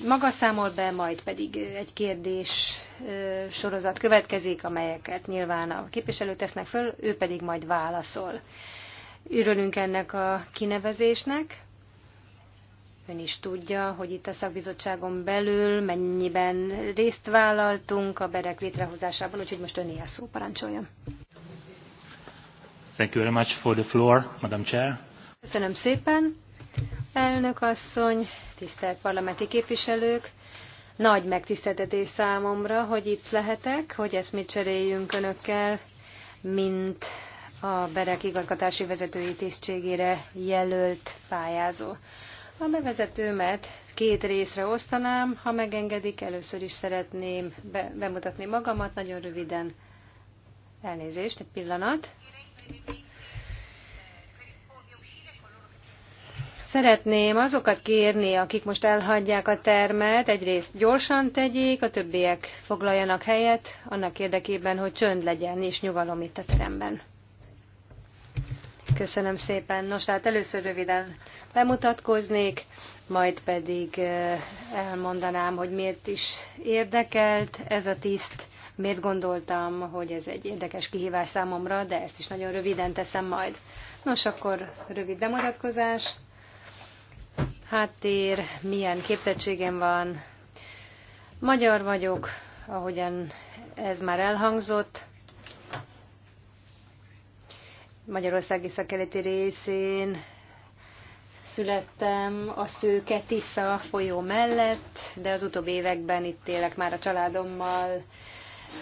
maga számol be, majd pedig egy kérdés sorozat következik, amelyeket nyilván a képviselő tesznek föl, ő pedig majd válaszol. Örülünk ennek a kinevezésnek. Ön is tudja, hogy itt a szakbizottságon belül mennyiben részt vállaltunk a berek létrehozásában, úgyhogy most öné a szó, parancsoljon. Thank you very much for the floor, Madam Chair. Köszönöm szépen. Elnök asszony, tisztelt parlamenti képviselők! Nagy megtiszteltetés számomra, hogy itt lehetek, hogy ezt mit cseréljünk önökkel, mint a BEREK igazgatási vezetői tisztségére jelölt pályázó. A bevezetőmet két részre osztanám, ha megengedik, először is szeretném be- bemutatni magamat, nagyon röviden elnézést, egy pillanat. Szeretném azokat kérni, akik most elhagyják a termet, egyrészt gyorsan tegyék, a többiek foglaljanak helyet, annak érdekében, hogy csönd legyen és nyugalom itt a teremben. Köszönöm szépen. Nos, tehát először röviden bemutatkoznék, majd pedig elmondanám, hogy miért is érdekelt ez a tiszt, miért gondoltam, hogy ez egy érdekes kihívás számomra, de ezt is nagyon röviden teszem majd. Nos, akkor rövid bemutatkozás háttér, milyen képzettségem van. Magyar vagyok, ahogyan ez már elhangzott. Magyarország északkeleti részén születtem a Szőke Tisza folyó mellett, de az utóbbi években itt élek már a családommal.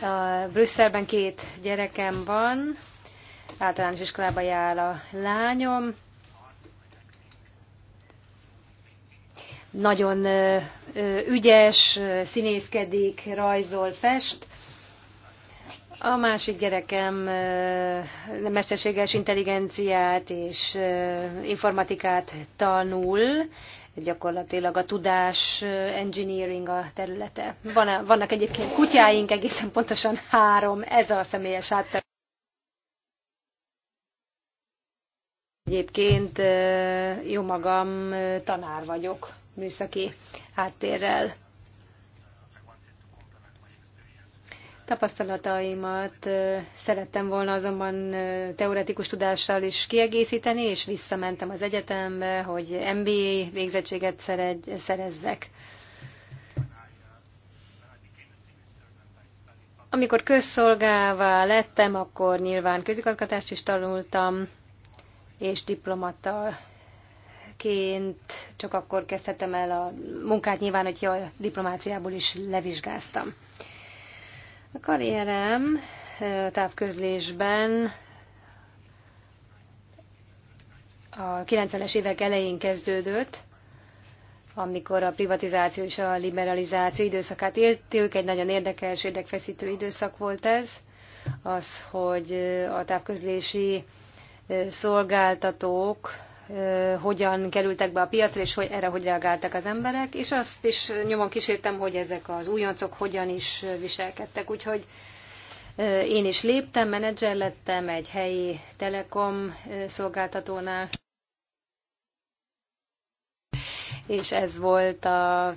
A Brüsszelben két gyerekem van, általános iskolába jár a lányom, nagyon ügyes, színészkedik, rajzol, fest. A másik gyerekem mesterséges intelligenciát és informatikát tanul, gyakorlatilag a tudás engineering a területe. Van, vannak egyébként kutyáink, egészen pontosan három, ez a személyes átterület. Egyébként jó magam tanár vagyok műszaki háttérrel. Tapasztalataimat szerettem volna azonban teoretikus tudással is kiegészíteni, és visszamentem az egyetembe, hogy MBA végzettséget szerezzek. Amikor közszolgává lettem, akkor nyilván közigazgatást is tanultam, és diplomata ként csak akkor kezdhetem el a munkát, nyilván, hogy a diplomáciából is levizsgáztam. A karrierem távközlésben a 90-es évek elején kezdődött, amikor a privatizáció és a liberalizáció időszakát éltük, egy nagyon érdekes, érdekfeszítő időszak volt ez, az, hogy a távközlési szolgáltatók hogyan kerültek be a piacra, és hogy erre hogy reagáltak az emberek, és azt is nyomon kísértem, hogy ezek az újoncok hogyan is viselkedtek, úgyhogy én is léptem, menedzser lettem egy helyi telekom szolgáltatónál, és ez volt a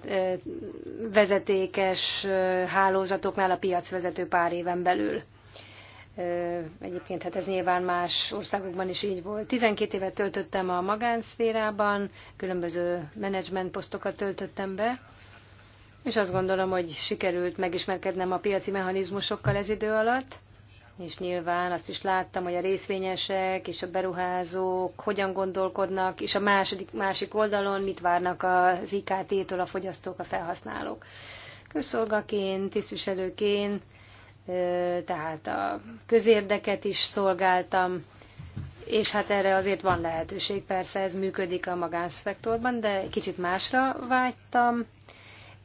vezetékes hálózatoknál a piacvezető pár éven belül. Egyébként hát ez nyilván más országokban is így volt. 12 évet töltöttem a magánszférában, különböző menedzsment posztokat töltöttem be, és azt gondolom, hogy sikerült megismerkednem a piaci mechanizmusokkal ez idő alatt, és nyilván azt is láttam, hogy a részvényesek és a beruházók hogyan gondolkodnak, és a második, másik oldalon mit várnak az IKT-től a fogyasztók, a felhasználók. Közszolgaként, tisztviselőként tehát a közérdeket is szolgáltam, és hát erre azért van lehetőség, persze ez működik a magánszfektorban, de kicsit másra vágytam,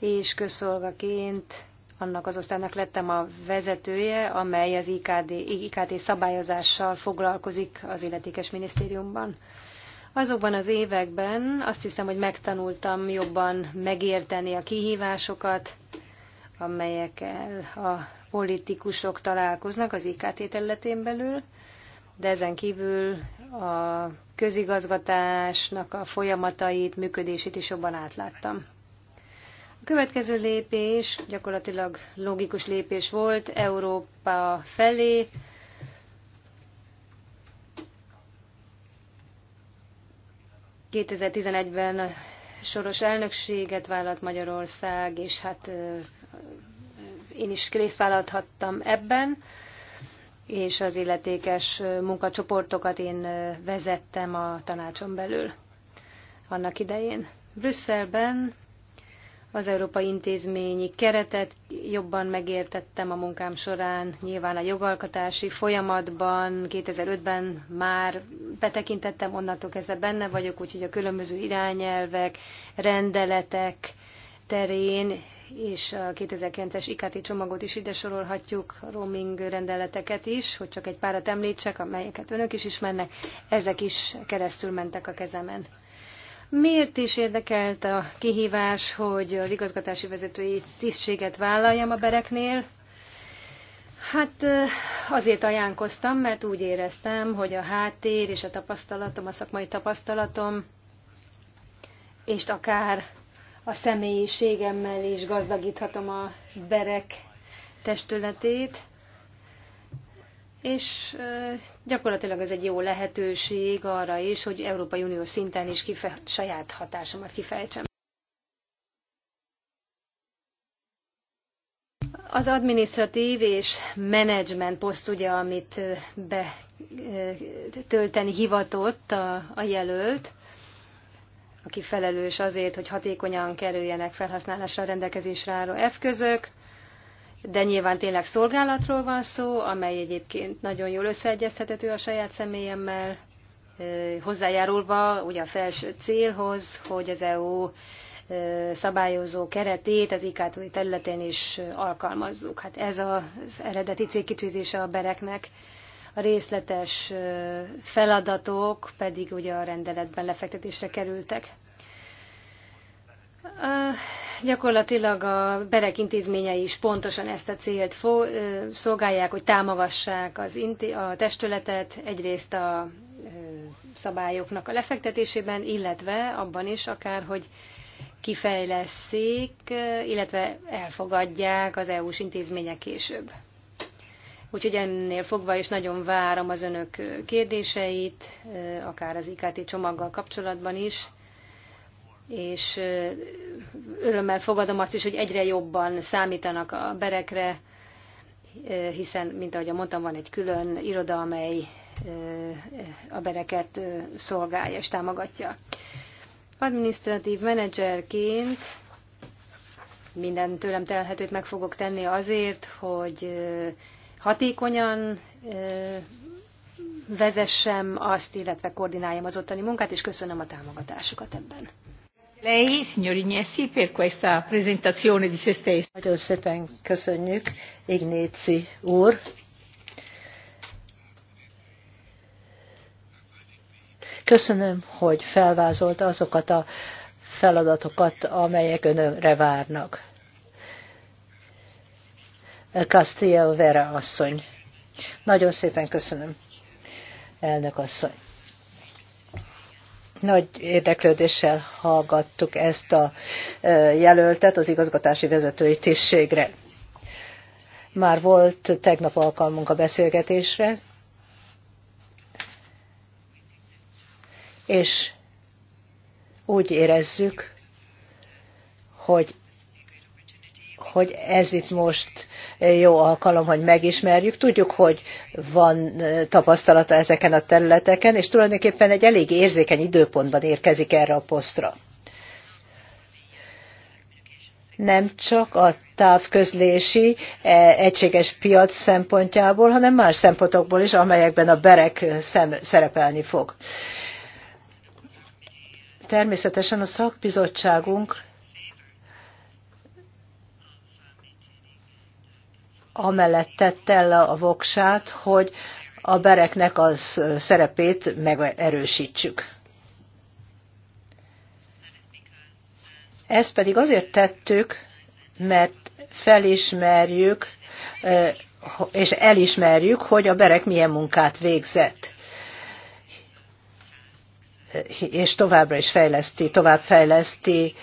és közszolgaként annak az osztálynak lettem a vezetője, amely az IKD, IKT szabályozással foglalkozik az illetékes minisztériumban. Azokban az években azt hiszem, hogy megtanultam jobban megérteni a kihívásokat, amelyekkel a politikusok találkoznak az IKT területén belül, de ezen kívül a közigazgatásnak a folyamatait, működését is jobban átláttam. A következő lépés gyakorlatilag logikus lépés volt Európa felé. ...2011-ben soros elnökséget vállalt Magyarország, és hát én is részt vállalhattam ebben, és az illetékes munkacsoportokat én vezettem a tanácson belül annak idején. Brüsszelben az európai intézményi keretet jobban megértettem a munkám során. Nyilván a jogalkotási folyamatban 2005-ben már betekintettem, onnantól kezdve benne vagyok, úgyhogy a különböző irányelvek, rendeletek terén és a 2009-es IKT csomagot is ide sorolhatjuk, a roaming rendeleteket is, hogy csak egy párat említsek, amelyeket önök is ismernek, ezek is keresztül mentek a kezemen. Miért is érdekelt a kihívás, hogy az igazgatási vezetői tisztséget vállaljam a bereknél? Hát azért ajánlkoztam, mert úgy éreztem, hogy a háttér és a tapasztalatom, a szakmai tapasztalatom, és akár a személyiségemmel is gazdagíthatom a berek testületét, és gyakorlatilag ez egy jó lehetőség arra is, hogy Európai Unió szinten is kife- saját hatásomat kifejtsem. Az adminisztratív és menedzsment poszt, ugye, amit betölteni hivatott a, a jelölt, aki felelős azért, hogy hatékonyan kerüljenek felhasználásra a rendelkezésre álló eszközök, de nyilván tényleg szolgálatról van szó, amely egyébként nagyon jól összeegyeztethető a saját személyemmel, hozzájárulva ugye a felső célhoz, hogy az EU szabályozó keretét az IKT területén is alkalmazzuk. Hát ez az eredeti célkitűzése a bereknek részletes feladatok pedig ugye a rendeletben lefektetésre kerültek. Gyakorlatilag a berek intézményei is pontosan ezt a célt fo- szolgálják, hogy támogassák az inti- a testületet egyrészt a szabályoknak a lefektetésében, illetve abban is akár, hogy kifejleszik, illetve elfogadják az EU-s intézmények később. Úgyhogy ennél fogva is nagyon várom az önök kérdéseit, eh, akár az IKT csomaggal kapcsolatban is, és eh, örömmel fogadom azt is, hogy egyre jobban számítanak a berekre, eh, hiszen, mint ahogy mondtam, van egy külön iroda, amely a bereket szolgálja és támogatja. Administratív menedzserként minden tőlem telhetőt meg fogok tenni azért, hogy hatékonyan vezessem azt, illetve koordináljam az ottani munkát, és köszönöm a támogatásukat ebben. Lei, signori Ignesi, per questa presentazione di se stesso. Nagyon szépen köszönjük, Ignéci úr. Köszönöm, hogy felvázolta azokat a feladatokat, amelyek önökre várnak. Castillo Vera asszony. Nagyon szépen köszönöm, elnök asszony. Nagy érdeklődéssel hallgattuk ezt a jelöltet az igazgatási vezetői tisztségre. Már volt tegnap alkalmunk a beszélgetésre, és úgy érezzük, hogy hogy ez itt most jó alkalom, hogy megismerjük. Tudjuk, hogy van eh, tapasztalata ezeken a területeken, és tulajdonképpen egy elég érzékeny időpontban érkezik erre a posztra nem csak a távközlési eh, egységes piac szempontjából, hanem más szempontokból is, amelyekben a berek eh, szerepelni fog. Természetesen a szakbizottságunk amellett tette le a voksát, hogy a bereknek az szerepét megerősítsük. Ezt pedig azért tettük, mert felismerjük és elismerjük, hogy a berek milyen munkát végzett és továbbra is fejleszti, tovább fejleszti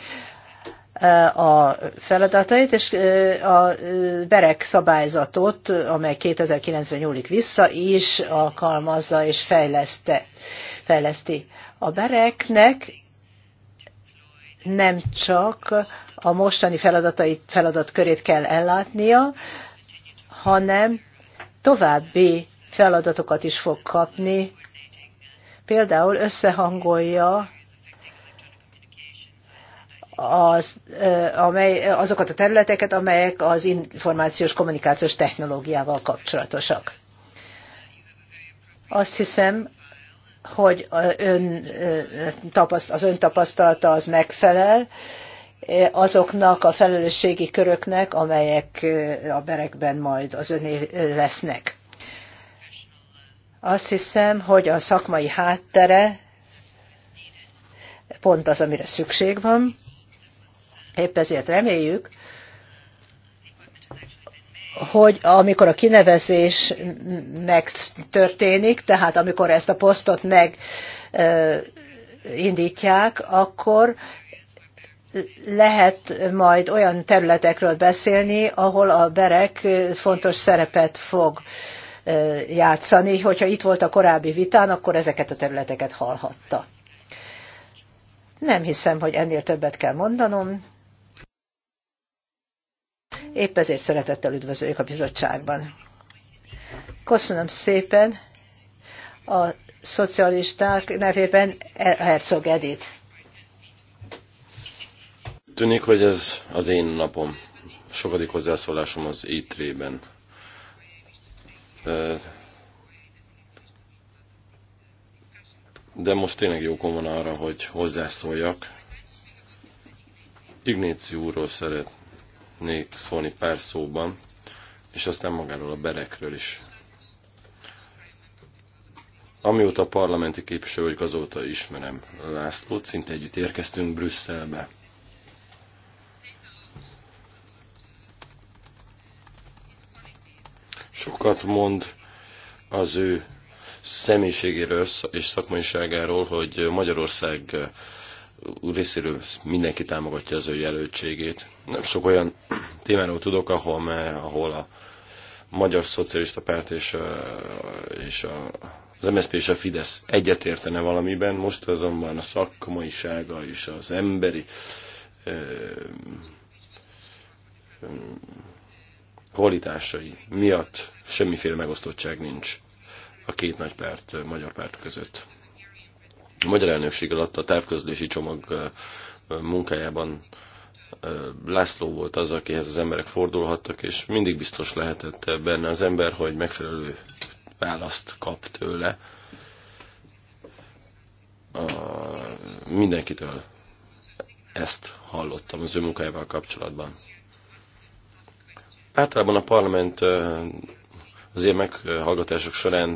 a feladatait, és a berek szabályzatot, amely 2009-re nyúlik vissza, is alkalmazza és fejleszte, fejleszti. A bereknek nem csak a mostani feladatai, feladatkörét kell ellátnia, hanem további feladatokat is fog kapni. Például összehangolja az, amely, azokat a területeket, amelyek az információs kommunikációs technológiával kapcsolatosak. Azt hiszem, hogy ön, az ön tapasztalata az megfelel azoknak a felelősségi köröknek, amelyek a berekben majd az öné lesznek. Azt hiszem, hogy a szakmai háttere pont az, amire szükség van Épp ezért reméljük, hogy amikor a kinevezés megtörténik, tehát amikor ezt a posztot megindítják, akkor lehet majd olyan területekről beszélni, ahol a berek fontos szerepet fog játszani. Hogyha itt volt a korábbi vitán, akkor ezeket a területeket hallhatta. Nem hiszem, hogy ennél többet kell mondanom. Épp ezért szeretettel üdvözöljük a bizottságban. Köszönöm szépen a szocialisták nevében Herzog Edith. Tűnik, hogy ez az én napom. Sokadik hozzászólásom az étrében. De most tényleg jókom van arra, hogy hozzászóljak. Ignéci úrról szeret, szeretnék szólni pár szóban, és aztán magáról a berekről is. Amióta a parlamenti képviselő vagyok, azóta ismerem Lászlót, szinte együtt érkeztünk Brüsszelbe. Sokat mond az ő személyiségéről és szakmaiságáról, hogy Magyarország részéről mindenki támogatja az ő jelöltségét. Nem sok olyan témáról tudok, ahol, ahol a Magyar Szocialista Párt és, a, és a, az MSZP és a Fidesz egyetértene valamiben, most azonban a szakmaisága és az emberi kvalitásai miatt semmiféle megosztottság nincs a két nagy párt, magyar párt között. A magyar elnökség alatt a távközlési csomag munkájában László volt az, akihez az emberek fordulhattak, és mindig biztos lehetett benne az ember, hogy megfelelő választ kap tőle a, mindenkitől. Ezt hallottam az ő munkájával kapcsolatban. Általában a parlament az ilyen meghallgatások során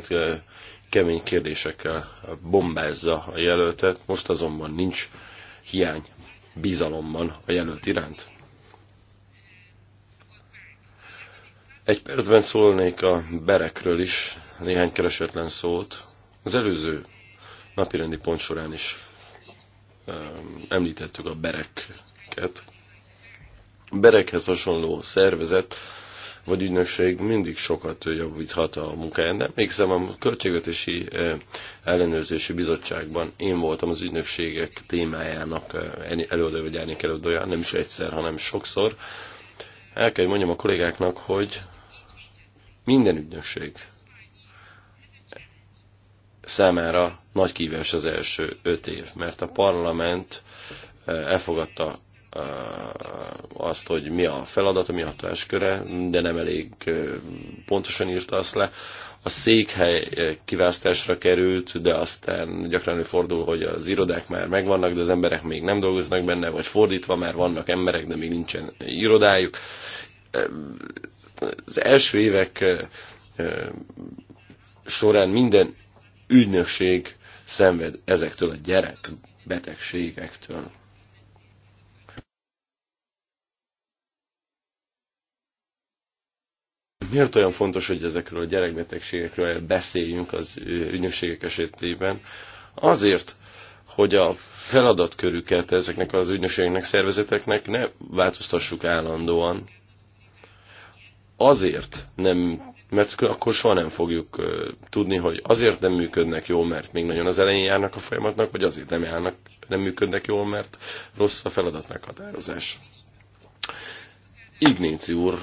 kemény kérdésekkel bombázza a jelöltet, most azonban nincs hiány bizalomban a jelölt iránt. Egy percben szólnék a berekről is néhány keresetlen szót. Az előző napirendi pont során is um, említettük a berekket. Berekhez hasonló szervezet vagy ügynökség mindig sokat javíthat a munkáján. De emlékszem, a Költségvetési Ellenőrzési Bizottságban én voltam az ügynökségek témájának előadó vagy árnyék előadója, nem is egyszer, hanem sokszor. El kell, hogy mondjam a kollégáknak, hogy minden ügynökség számára nagy kívás az első öt év, mert a parlament elfogadta azt, hogy mi a feladata, mi a hatásköre, de nem elég pontosan írta azt le. A székhely kiválasztásra került, de aztán gyakran fordul, hogy az irodák már megvannak, de az emberek még nem dolgoznak benne, vagy fordítva már vannak emberek, de még nincsen irodájuk. Az első évek során minden ügynökség szenved ezektől a gyerek betegségektől miért olyan fontos, hogy ezekről a gyerekbetegségekről beszéljünk az ügynökségek esetében? Azért, hogy a feladatkörüket ezeknek az ügynökségeknek, szervezeteknek ne változtassuk állandóan. Azért nem, mert akkor soha nem fogjuk tudni, hogy azért nem működnek jól, mert még nagyon az elején járnak a folyamatnak, vagy azért nem, járnak, nem működnek jól, mert rossz a feladat feladatmeghatározás. Ignéci úr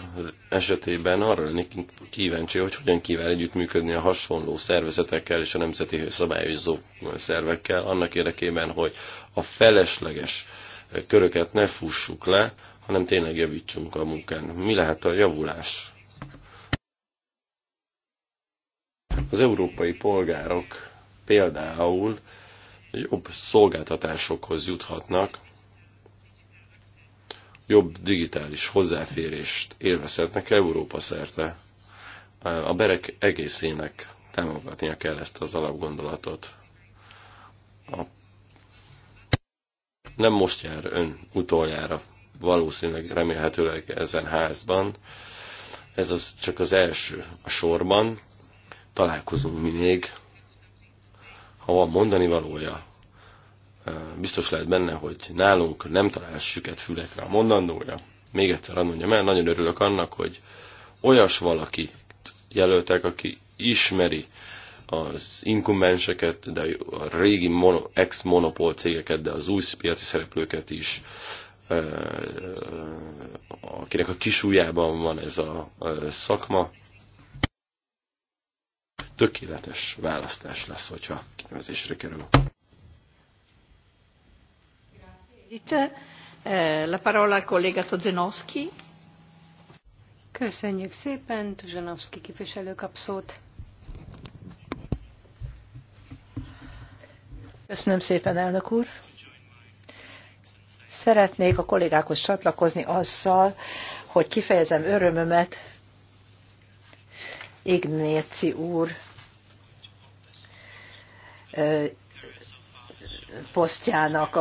esetében arra lennék kíváncsi, hogy hogyan kíván együttműködni a hasonló szervezetekkel és a nemzeti szabályozó szervekkel, annak érdekében, hogy a felesleges köröket ne fussuk le, hanem tényleg javítsunk a munkán. Mi lehet a javulás? Az európai polgárok például jobb szolgáltatásokhoz juthatnak, jobb digitális hozzáférést élvezhetnek Európa szerte. A berek egészének támogatnia kell ezt az alapgondolatot. A nem most jár ön utoljára, valószínűleg remélhetőleg ezen házban. Ez az csak az első a sorban. Találkozunk mi még, ha van mondani valója, biztos lehet benne, hogy nálunk nem talál süket fülekre a mondandója. Még egyszer mondjam el, nagyon örülök annak, hogy olyas valaki jelöltek, aki ismeri az inkumbenseket, de a régi mono, ex-monopól cégeket, de az új piaci szereplőket is, akinek a kisújában van ez a szakma. Tökéletes választás lesz, hogyha kinevezésre kerül. Eh, la parola al collega Tozenowski. Köszönjük szépen, Tuzsanovszki képviselő kap szót. Köszönöm szépen, elnök úr. Szeretnék a kollégákhoz csatlakozni azzal, hogy kifejezem örömömet Ignéci úr eh, posztjának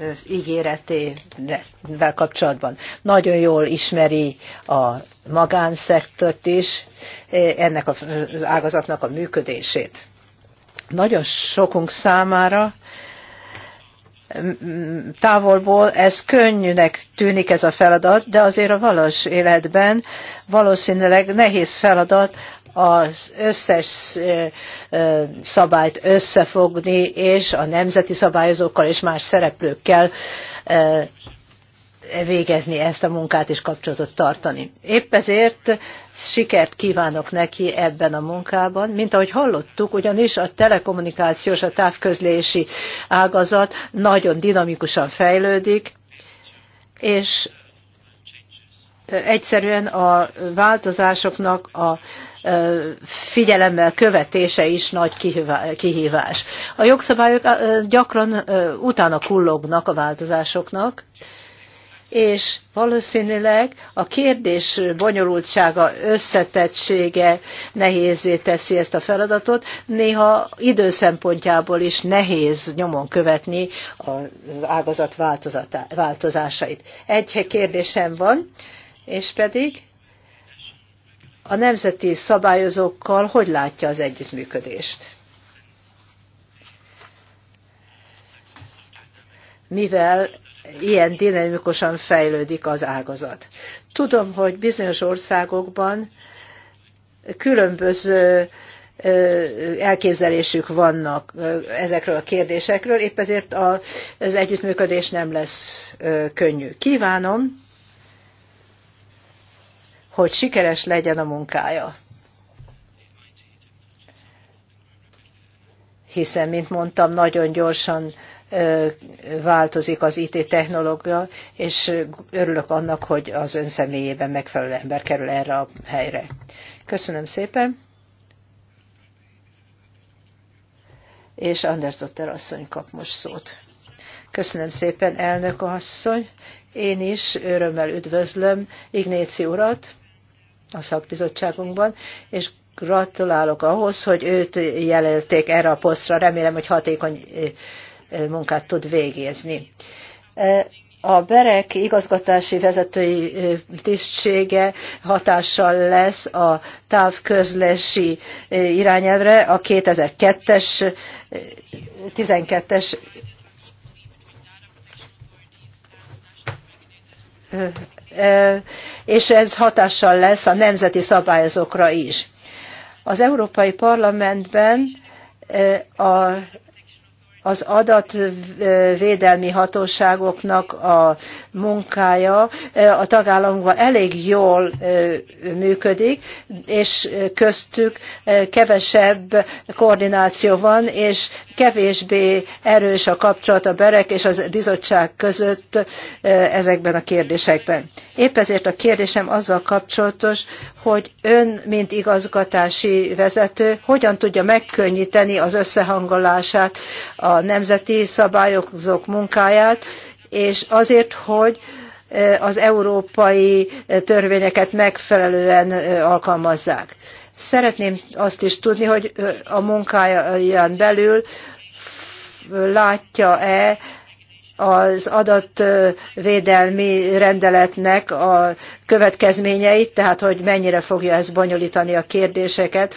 az ígéretével kapcsolatban. Nagyon jól ismeri a magánszektort is, ennek az ágazatnak a működését. Nagyon sokunk számára távolból ez könnyűnek tűnik ez a feladat, de azért a valós életben valószínűleg nehéz feladat az összes szabályt összefogni, és a nemzeti szabályozókkal és más szereplőkkel végezni ezt a munkát és kapcsolatot tartani. Épp ezért sikert kívánok neki ebben a munkában, mint ahogy hallottuk, ugyanis a telekommunikációs, a távközlési ágazat nagyon dinamikusan fejlődik, és egyszerűen a változásoknak a figyelemmel követése is nagy kihívás. A jogszabályok gyakran utána kullognak a változásoknak, és valószínűleg a kérdés bonyolultsága, összetettsége nehézé teszi ezt a feladatot, néha időszempontjából is nehéz nyomon követni az ágazat változásait. Egy kérdésem van, és pedig a nemzeti szabályozókkal hogy látja az együttműködést? Mivel ilyen dinamikusan fejlődik az ágazat. Tudom, hogy bizonyos országokban különböző elképzelésük vannak ezekről a kérdésekről, épp ezért az együttműködés nem lesz könnyű. Kívánom, hogy sikeres legyen a munkája. Hiszen, mint mondtam, nagyon gyorsan változik az IT technológia, és örülök annak, hogy az ön személyében megfelelő ember kerül erre a helyre. Köszönöm szépen. És Anders Dotter asszony kap most szót. Köszönöm szépen, elnök asszony. Én is örömmel üdvözlöm Ignéci urat, a szakbizottságunkban, és gratulálok ahhoz, hogy őt jelölték erre a posztra. Remélem, hogy hatékony munkát tud végézni. A BEREK igazgatási vezetői tisztsége hatással lesz a távközlési irányelvre, a 2002-es, 12-es és ez hatással lesz a nemzeti szabályozókra is. Az Európai Parlamentben a az adatvédelmi hatóságoknak a munkája a tagállamokban elég jól működik, és köztük kevesebb koordináció van, és kevésbé erős a kapcsolat a berek és a bizottság között ezekben a kérdésekben. Épp ezért a kérdésem azzal kapcsolatos, hogy ön, mint igazgatási vezető, hogyan tudja megkönnyíteni az összehangolását, a nemzeti szabályozók munkáját, és azért, hogy e, az európai e, törvényeket megfelelően e, alkalmazzák. Szeretném azt is tudni, hogy a munkáján belül látja-e az adatvédelmi rendeletnek a következményeit, tehát hogy mennyire fogja ez bonyolítani a kérdéseket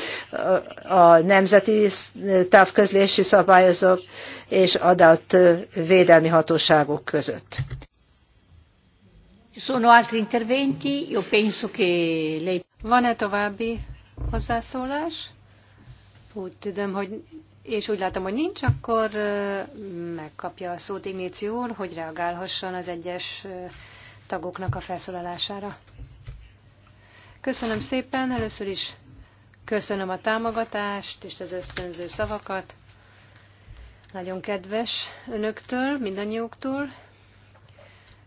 a nemzeti távközlési szabályozók és adatvédelmi hatóságok között. Sono altri interventi, io penso che lei... Van-e további hozzászólás? Úgy tudom, hogy és úgy látom, hogy nincs, akkor megkapja a szót Igníció úr, hogy reagálhasson az egyes tagoknak a felszólalására. Köszönöm szépen, először is köszönöm a támogatást és az ösztönző szavakat. Nagyon kedves önöktől, mindannyiuktól.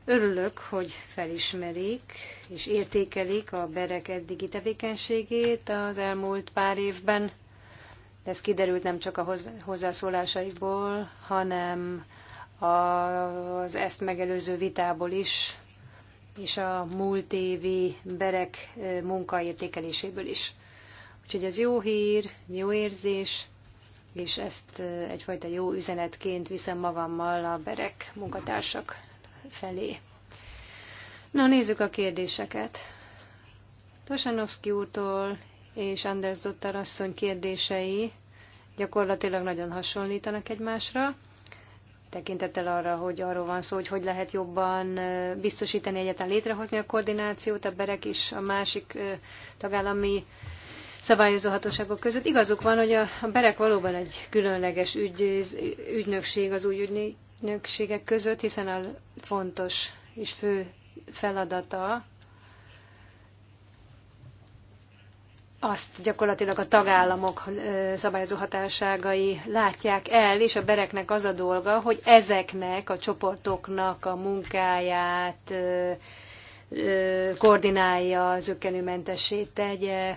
Örülök, hogy felismerik és értékelik a berek eddigi tevékenységét az elmúlt pár évben de ez kiderült nem csak a hozzászólásaikból, hanem az ezt megelőző vitából is, és a múlt évi berek munkaértékeléséből is. Úgyhogy ez jó hír, jó érzés, és ezt egyfajta jó üzenetként viszem magammal a berek munkatársak felé. Na, nézzük a kérdéseket. Tosanovszki úrtól és Anders Dottar asszony kérdései gyakorlatilag nagyon hasonlítanak egymásra, tekintettel arra, hogy arról van szó, hogy hogy lehet jobban biztosítani, egyetlen létrehozni a koordinációt, a berek is a másik tagállami szabályozó hatóságok között. Igazuk van, hogy a berek valóban egy különleges ügy, ügynökség az új ügynökségek között, hiszen a fontos és fő feladata azt gyakorlatilag a tagállamok szabályozó hatáságai látják el, és a bereknek az a dolga, hogy ezeknek a csoportoknak a munkáját koordinálja, zökkenőmentessé tegye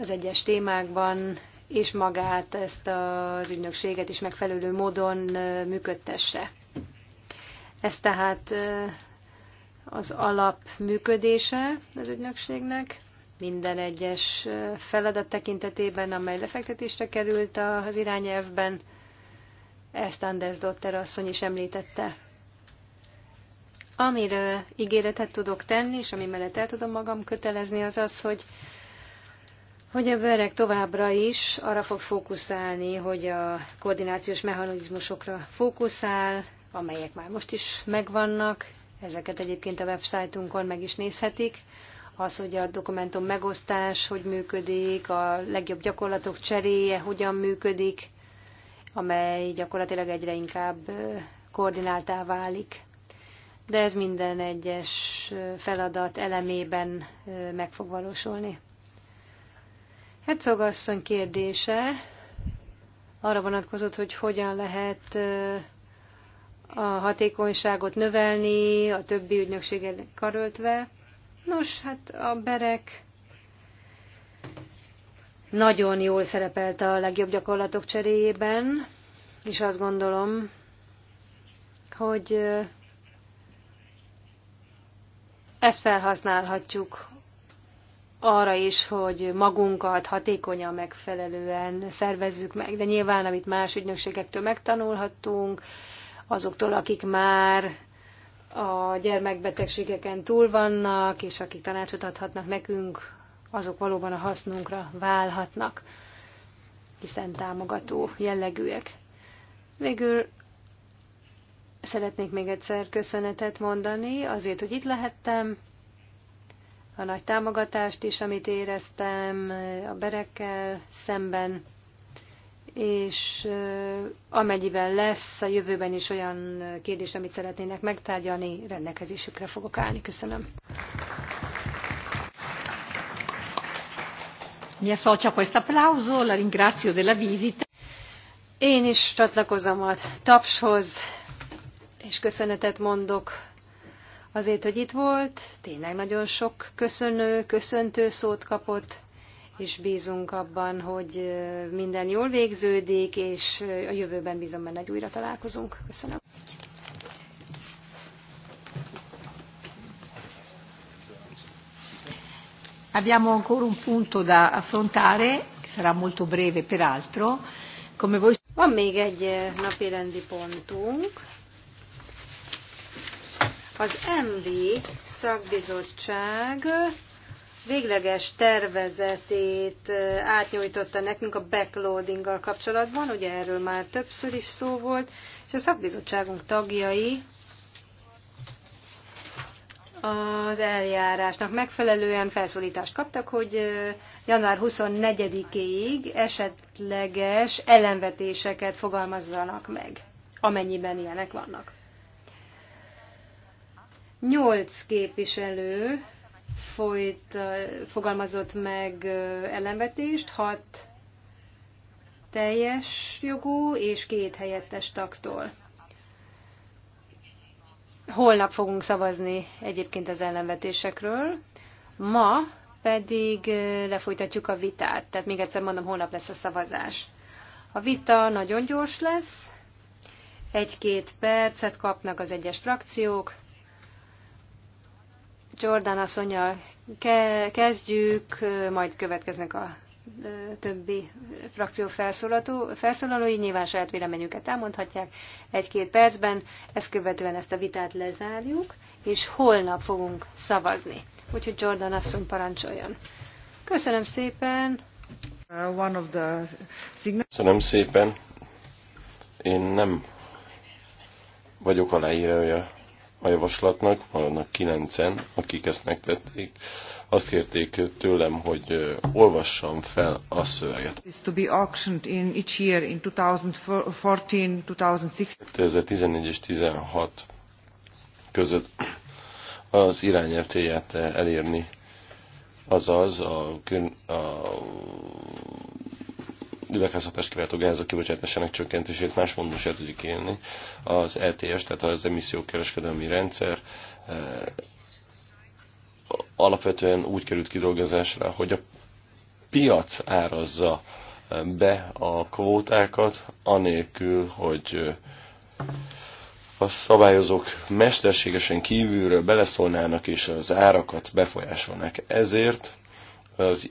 az egyes témákban, és magát ezt az ügynökséget is megfelelő módon működtesse. Ez tehát az alap működése az ügynökségnek minden egyes feladat tekintetében, amely lefektetésre került az irányelvben. Ezt Anders Dotter asszony is említette. Amiről ígéretet tudok tenni, és ami mellett el tudom magam kötelezni, az az, hogy hogy a bőrek továbbra is arra fog fókuszálni, hogy a koordinációs mechanizmusokra fókuszál, amelyek már most is megvannak, ezeket egyébként a websájtunkon meg is nézhetik, az, hogy a dokumentum megosztás hogy működik, a legjobb gyakorlatok cseréje hogyan működik, amely gyakorlatilag egyre inkább koordináltá válik. De ez minden egyes feladat elemében meg fog valósulni. Herzog kérdése arra vonatkozott, hogy hogyan lehet a hatékonyságot növelni, a többi ügynökséget karöltve. Nos, hát a berek nagyon jól szerepelt a legjobb gyakorlatok cseréjében, és azt gondolom, hogy ezt felhasználhatjuk arra is, hogy magunkat hatékonyan megfelelően szervezzük meg, de nyilván, amit más ügynökségektől megtanulhattunk, azoktól, akik már a gyermekbetegségeken túl vannak, és akik tanácsot adhatnak nekünk, azok valóban a hasznunkra válhatnak, hiszen támogató jellegűek. Végül szeretnék még egyszer köszönetet mondani azért, hogy itt lehettem, a nagy támogatást is, amit éreztem a berekkel szemben és amennyiben lesz a jövőben is olyan kérdés, amit szeretnének megtárgyalni, rendelkezésükre fogok állni. Köszönöm. Mi a a questo applauso, la ringrazio della visita. Én is csatlakozom a tapshoz, és köszönetet mondok azért, hogy itt volt. Tényleg nagyon sok köszönő, köszöntő szót kapott és bízunk abban, hogy minden jól végződik, és a jövőben bízom benne, hogy újra találkozunk. Köszönöm. Abbiamo ancora un punto da affrontare, che sarà molto breve peraltro. Come voi... Van még egy napirendi pontunk. Az MB szakbizottság végleges tervezetét átnyújtotta nekünk a backloadinggal kapcsolatban, ugye erről már többször is szó volt, és a szakbizottságunk tagjai az eljárásnak megfelelően felszólítást kaptak, hogy január 24 ig esetleges ellenvetéseket fogalmazzanak meg, amennyiben ilyenek vannak. Nyolc képviselő folyt, fogalmazott meg ellenvetést, hat teljes jogú és két helyettes taktól. Holnap fogunk szavazni egyébként az ellenvetésekről. Ma pedig lefolytatjuk a vitát. Tehát még egyszer mondom, holnap lesz a szavazás. A vita nagyon gyors lesz, egy-két percet kapnak az egyes frakciók, Jordan asszonyjal kezdjük, majd következnek a többi frakció felszólalói nyilván saját véleményüket elmondhatják egy-két percben, ezt követően ezt a vitát lezárjuk, és holnap fogunk szavazni. Úgyhogy Jordan asszony parancsoljon. Köszönöm szépen! Uh, one of the Köszönöm szépen! Én nem vagyok aláírója a javaslatnak, vannak kilencen, akik ezt megtették, azt kérték tőlem, hogy olvassam fel a szöveget. 2014, és 16 között az irányelv célját elérni, azaz a, a üvegházhatást kiváltó gázok kibocsátásának csökkentését más módon is el tudjuk élni. Az ETS, tehát az emissziókereskedelmi rendszer eh, alapvetően úgy került kidolgozásra, hogy a piac árazza eh, be a kvótákat, anélkül, hogy eh, a szabályozók mesterségesen kívülről beleszólnának és az árakat befolyásolnák. Ezért az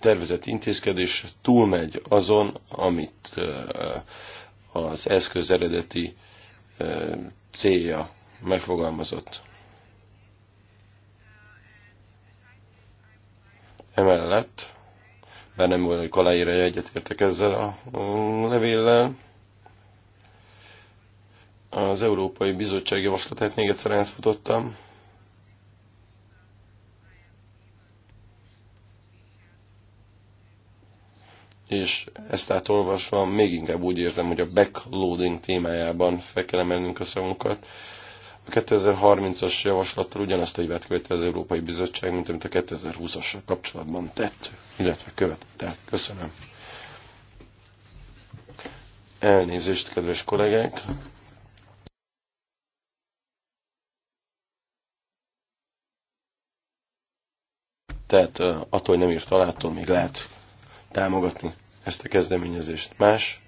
tervezett intézkedés túlmegy azon, amit az eszköz eredeti célja megfogalmazott. Emellett, bár nem vagyok aláírja, egyetértek ezzel a levéllel, az Európai Bizottság javaslatát még egyszer átfutottam, és ezt átolvasva még inkább úgy érzem, hogy a backloading témájában fel kell emelnünk a szavunkat. A 2030-as javaslattal ugyanazt a hibát követte az Európai Bizottság, mint amit a 2020 as kapcsolatban tett, illetve követett el. Köszönöm. Elnézést, kedves kollégák! Tehát attól, hogy nem írt alá, attól még lehet támogatni ezt a kezdeményezést. Más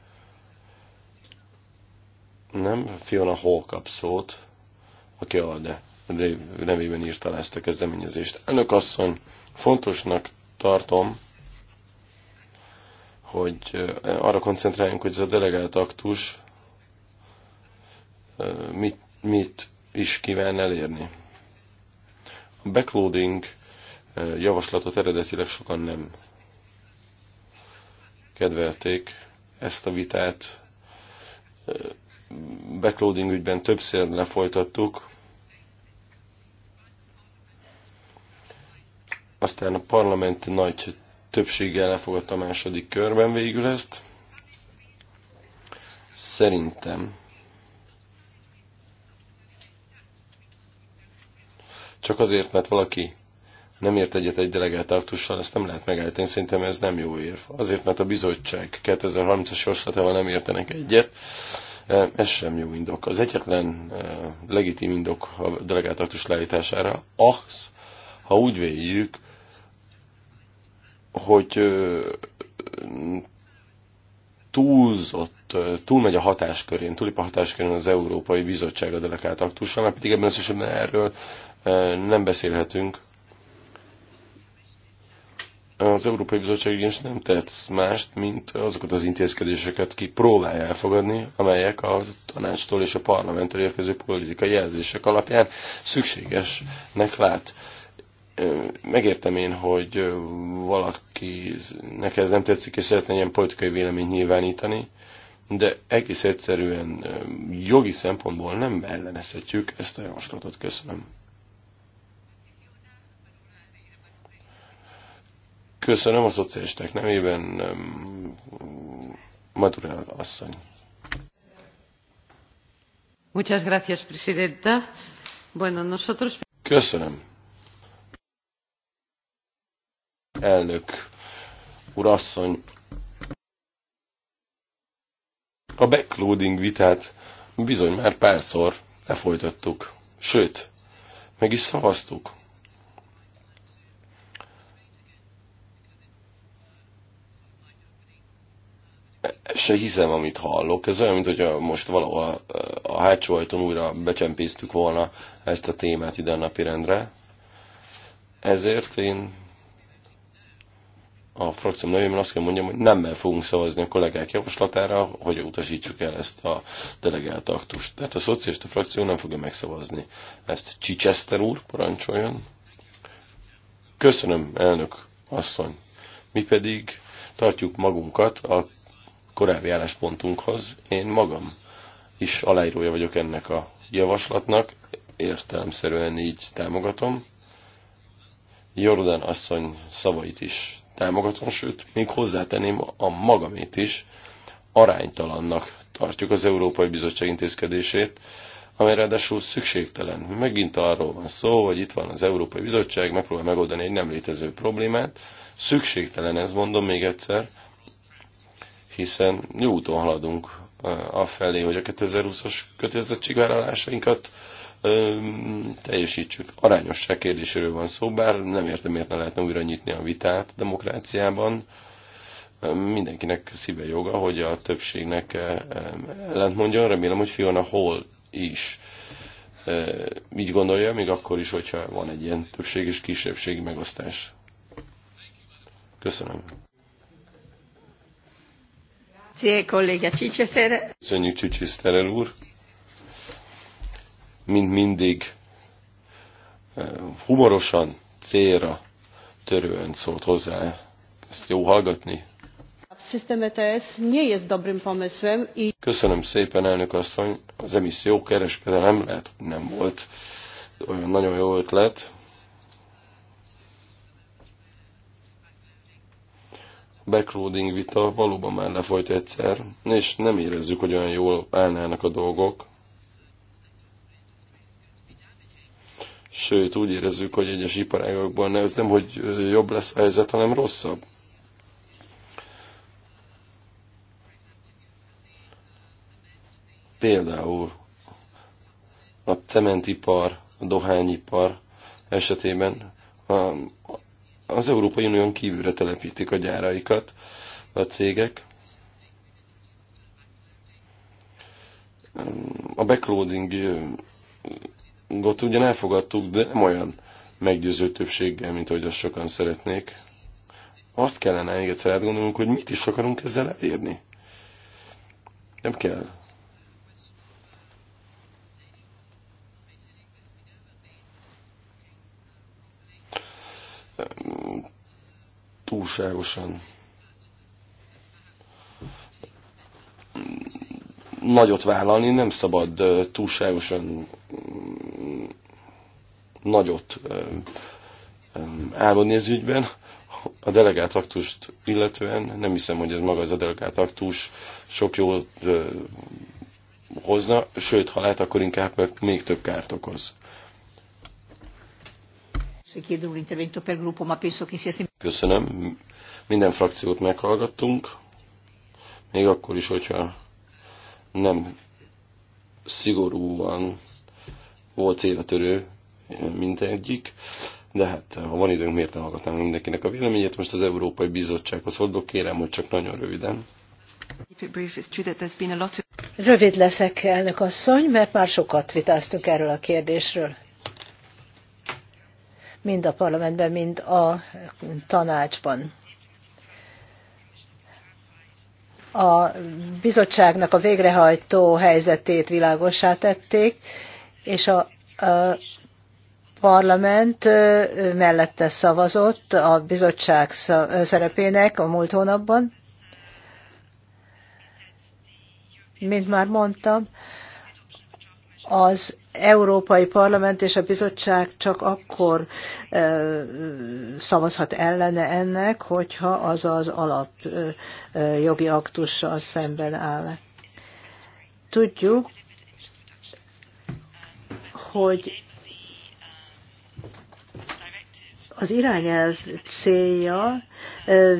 nem Fiona Hall kap szót, aki a de nevében írta le ezt a kezdeményezést. Önök asszony, fontosnak tartom, hogy eh, arra koncentráljunk, hogy ez a delegált aktus eh, mit, mit is kíván elérni. A backloading eh, javaslatot eredetileg sokan nem kedvelték ezt a vitát. Backloading ügyben többször lefolytattuk. Aztán a parlament nagy többséggel lefogadta a második körben végül ezt. Szerintem csak azért, mert valaki nem ért egyet egy delegált aktussal, ezt nem lehet megállítani, szerintem ez nem jó érv. Azért, mert a bizottság 2030-as javaslatával nem értenek egyet, e, ez sem jó indok. Az egyetlen e, legitim indok a delegált aktus leállítására az, ha úgy véljük, hogy e, túlzott, túlmegy a hatáskörén, túlip a hatáskörén az Európai Bizottság a delegált aktussal, mert pedig ebben az esetben erről nem beszélhetünk, az Európai Bizottság ugyanis nem tett mást, mint azokat az intézkedéseket ki próbálja elfogadni, amelyek a tanácstól és a parlamenttől érkező politikai jelzések alapján szükségesnek lát. Megértem én, hogy valaki ez nem tetszik, és szeretne ilyen politikai véleményt nyilvánítani, de egész egyszerűen jogi szempontból nem ellenezhetjük ezt a javaslatot. Köszönöm. Köszönöm a szocialisták nevében, Madurell asszony. Muchas gracias, presidenta. Bueno, nosotros... Köszönöm. Elnök, urasszony. A backloading vitát bizony már párszor lefolytattuk, sőt, meg is szavaztuk. se hiszem, amit hallok. Ez olyan, mintha most valahol a hátsó ajtón újra becsempésztük volna ezt a témát ide a rendre. Ezért én a frakcióm nevében azt kell mondjam, hogy el fogunk szavazni a kollégák javaslatára, hogy utasítsuk el ezt a delegált aktust. Tehát a szocialista frakció nem fogja megszavazni ezt. Csicseszter úr, parancsoljon. Köszönöm, elnök asszony. Mi pedig tartjuk magunkat a korábbi álláspontunkhoz. Én magam is aláírója vagyok ennek a javaslatnak, értelemszerűen így támogatom. Jordan asszony szavait is támogatom, sőt, még hozzátenném a magamét is, aránytalannak tartjuk az Európai Bizottság intézkedését, amely ráadásul szükségtelen. Megint arról van szó, hogy itt van az Európai Bizottság, megpróbál megoldani egy nem létező problémát. Szükségtelen ez, mondom még egyszer, hiszen jó úton haladunk afelé, hogy a 2020-as kötelezettségvállalásainkat teljesítsük. Arányosság kérdéséről van szó, bár nem értem, miért ne lehetne újra nyitni a vitát demokráciában. Mindenkinek szíve joga, hogy a többségnek mondjon. Remélem, hogy Fiona hol is így gondolja, még akkor is, hogyha van egy ilyen többség és kisebbségi megosztás. Köszönöm. Köszönjük Csicsiszterel úr. Mint mindig eh, humorosan, célra törően szólt hozzá. Ezt jó hallgatni. E Köszönöm szépen, elnök asszony. Az emisszió kereskedelem lehet, hogy nem volt olyan nagyon jó ötlet. backloading vita valóban már lefolyt egyszer, és nem érezzük, hogy olyan jól állnának a dolgok. Sőt, úgy érezzük, hogy egyes iparágakban ez nem, hogy jobb lesz a helyzet, hanem rosszabb. Például a cementipar, a dohányipar esetében az Európai Unión kívülre telepítik a gyáraikat a cégek. A backloadingot ugyan elfogadtuk, de nem olyan meggyőző többséggel, mint ahogy azt sokan szeretnék. Azt kellene még egyszer átgondolnunk, hogy mit is akarunk ezzel elérni. Nem kell túlságosan nagyot vállalni, nem szabad túlságosan mm, nagyot álmodni az ügyben. A delegált aktust illetően nem hiszem, hogy ez maga az a delegált aktus sok jót hozna, sőt, ha lehet, akkor inkább még több kárt okoz. Se chiedo un intervento per gruppo, ma penso che sia Köszönöm. Minden frakciót meghallgattunk, még akkor is, hogyha nem szigorúan volt mint mindegyik, de hát ha van időnk, miért ne hallgatnánk mindenkinek a véleményét. Most az Európai Bizottsághoz fordulok, kérem, hogy csak nagyon röviden. Rövid leszek, elnök asszony, mert már sokat vitáztunk erről a kérdésről mind a parlamentben, mind a tanácsban. A bizottságnak a végrehajtó helyzetét világosá tették, és a, a parlament mellette szavazott a bizottság szerepének a múlt hónapban. Mint már mondtam, az Európai Parlament és a Bizottság csak akkor szavazhat ellene ennek, hogyha az az alap jogi aktussal szemben áll. Tudjuk, hogy az irányelv célja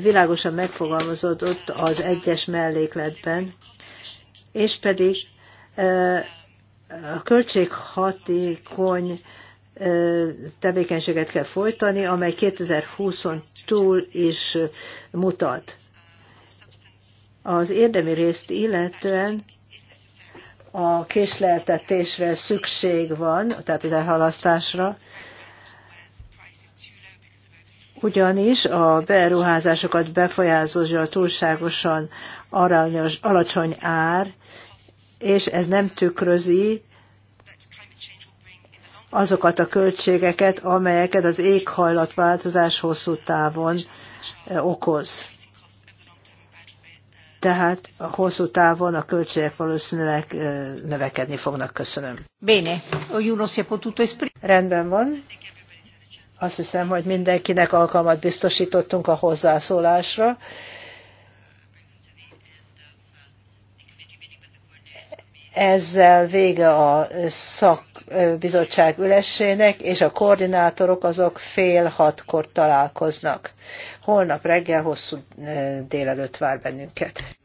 világosan megfogalmazódott az egyes mellékletben, és pedig a költséghatékony tevékenységet kell folytani, amely 2020-on túl is mutat. Az érdemi részt illetően a késleltetésre szükség van, tehát az elhalasztásra, ugyanis a beruházásokat befolyásolja túlságosan alacsony ár, és ez nem tükrözi azokat a költségeket, amelyeket az éghajlatváltozás hosszú távon eh, okoz. Tehát a hosszú távon a költségek valószínűleg eh, növekedni fognak. Köszönöm. Bene, ognuno si è Rendben van. Azt hiszem, hogy mindenkinek alkalmat biztosítottunk a hozzászólásra. ezzel vége a szakbizottság ülésének, és a koordinátorok azok fél hatkor találkoznak. Holnap reggel hosszú eh, délelőtt vár bennünket.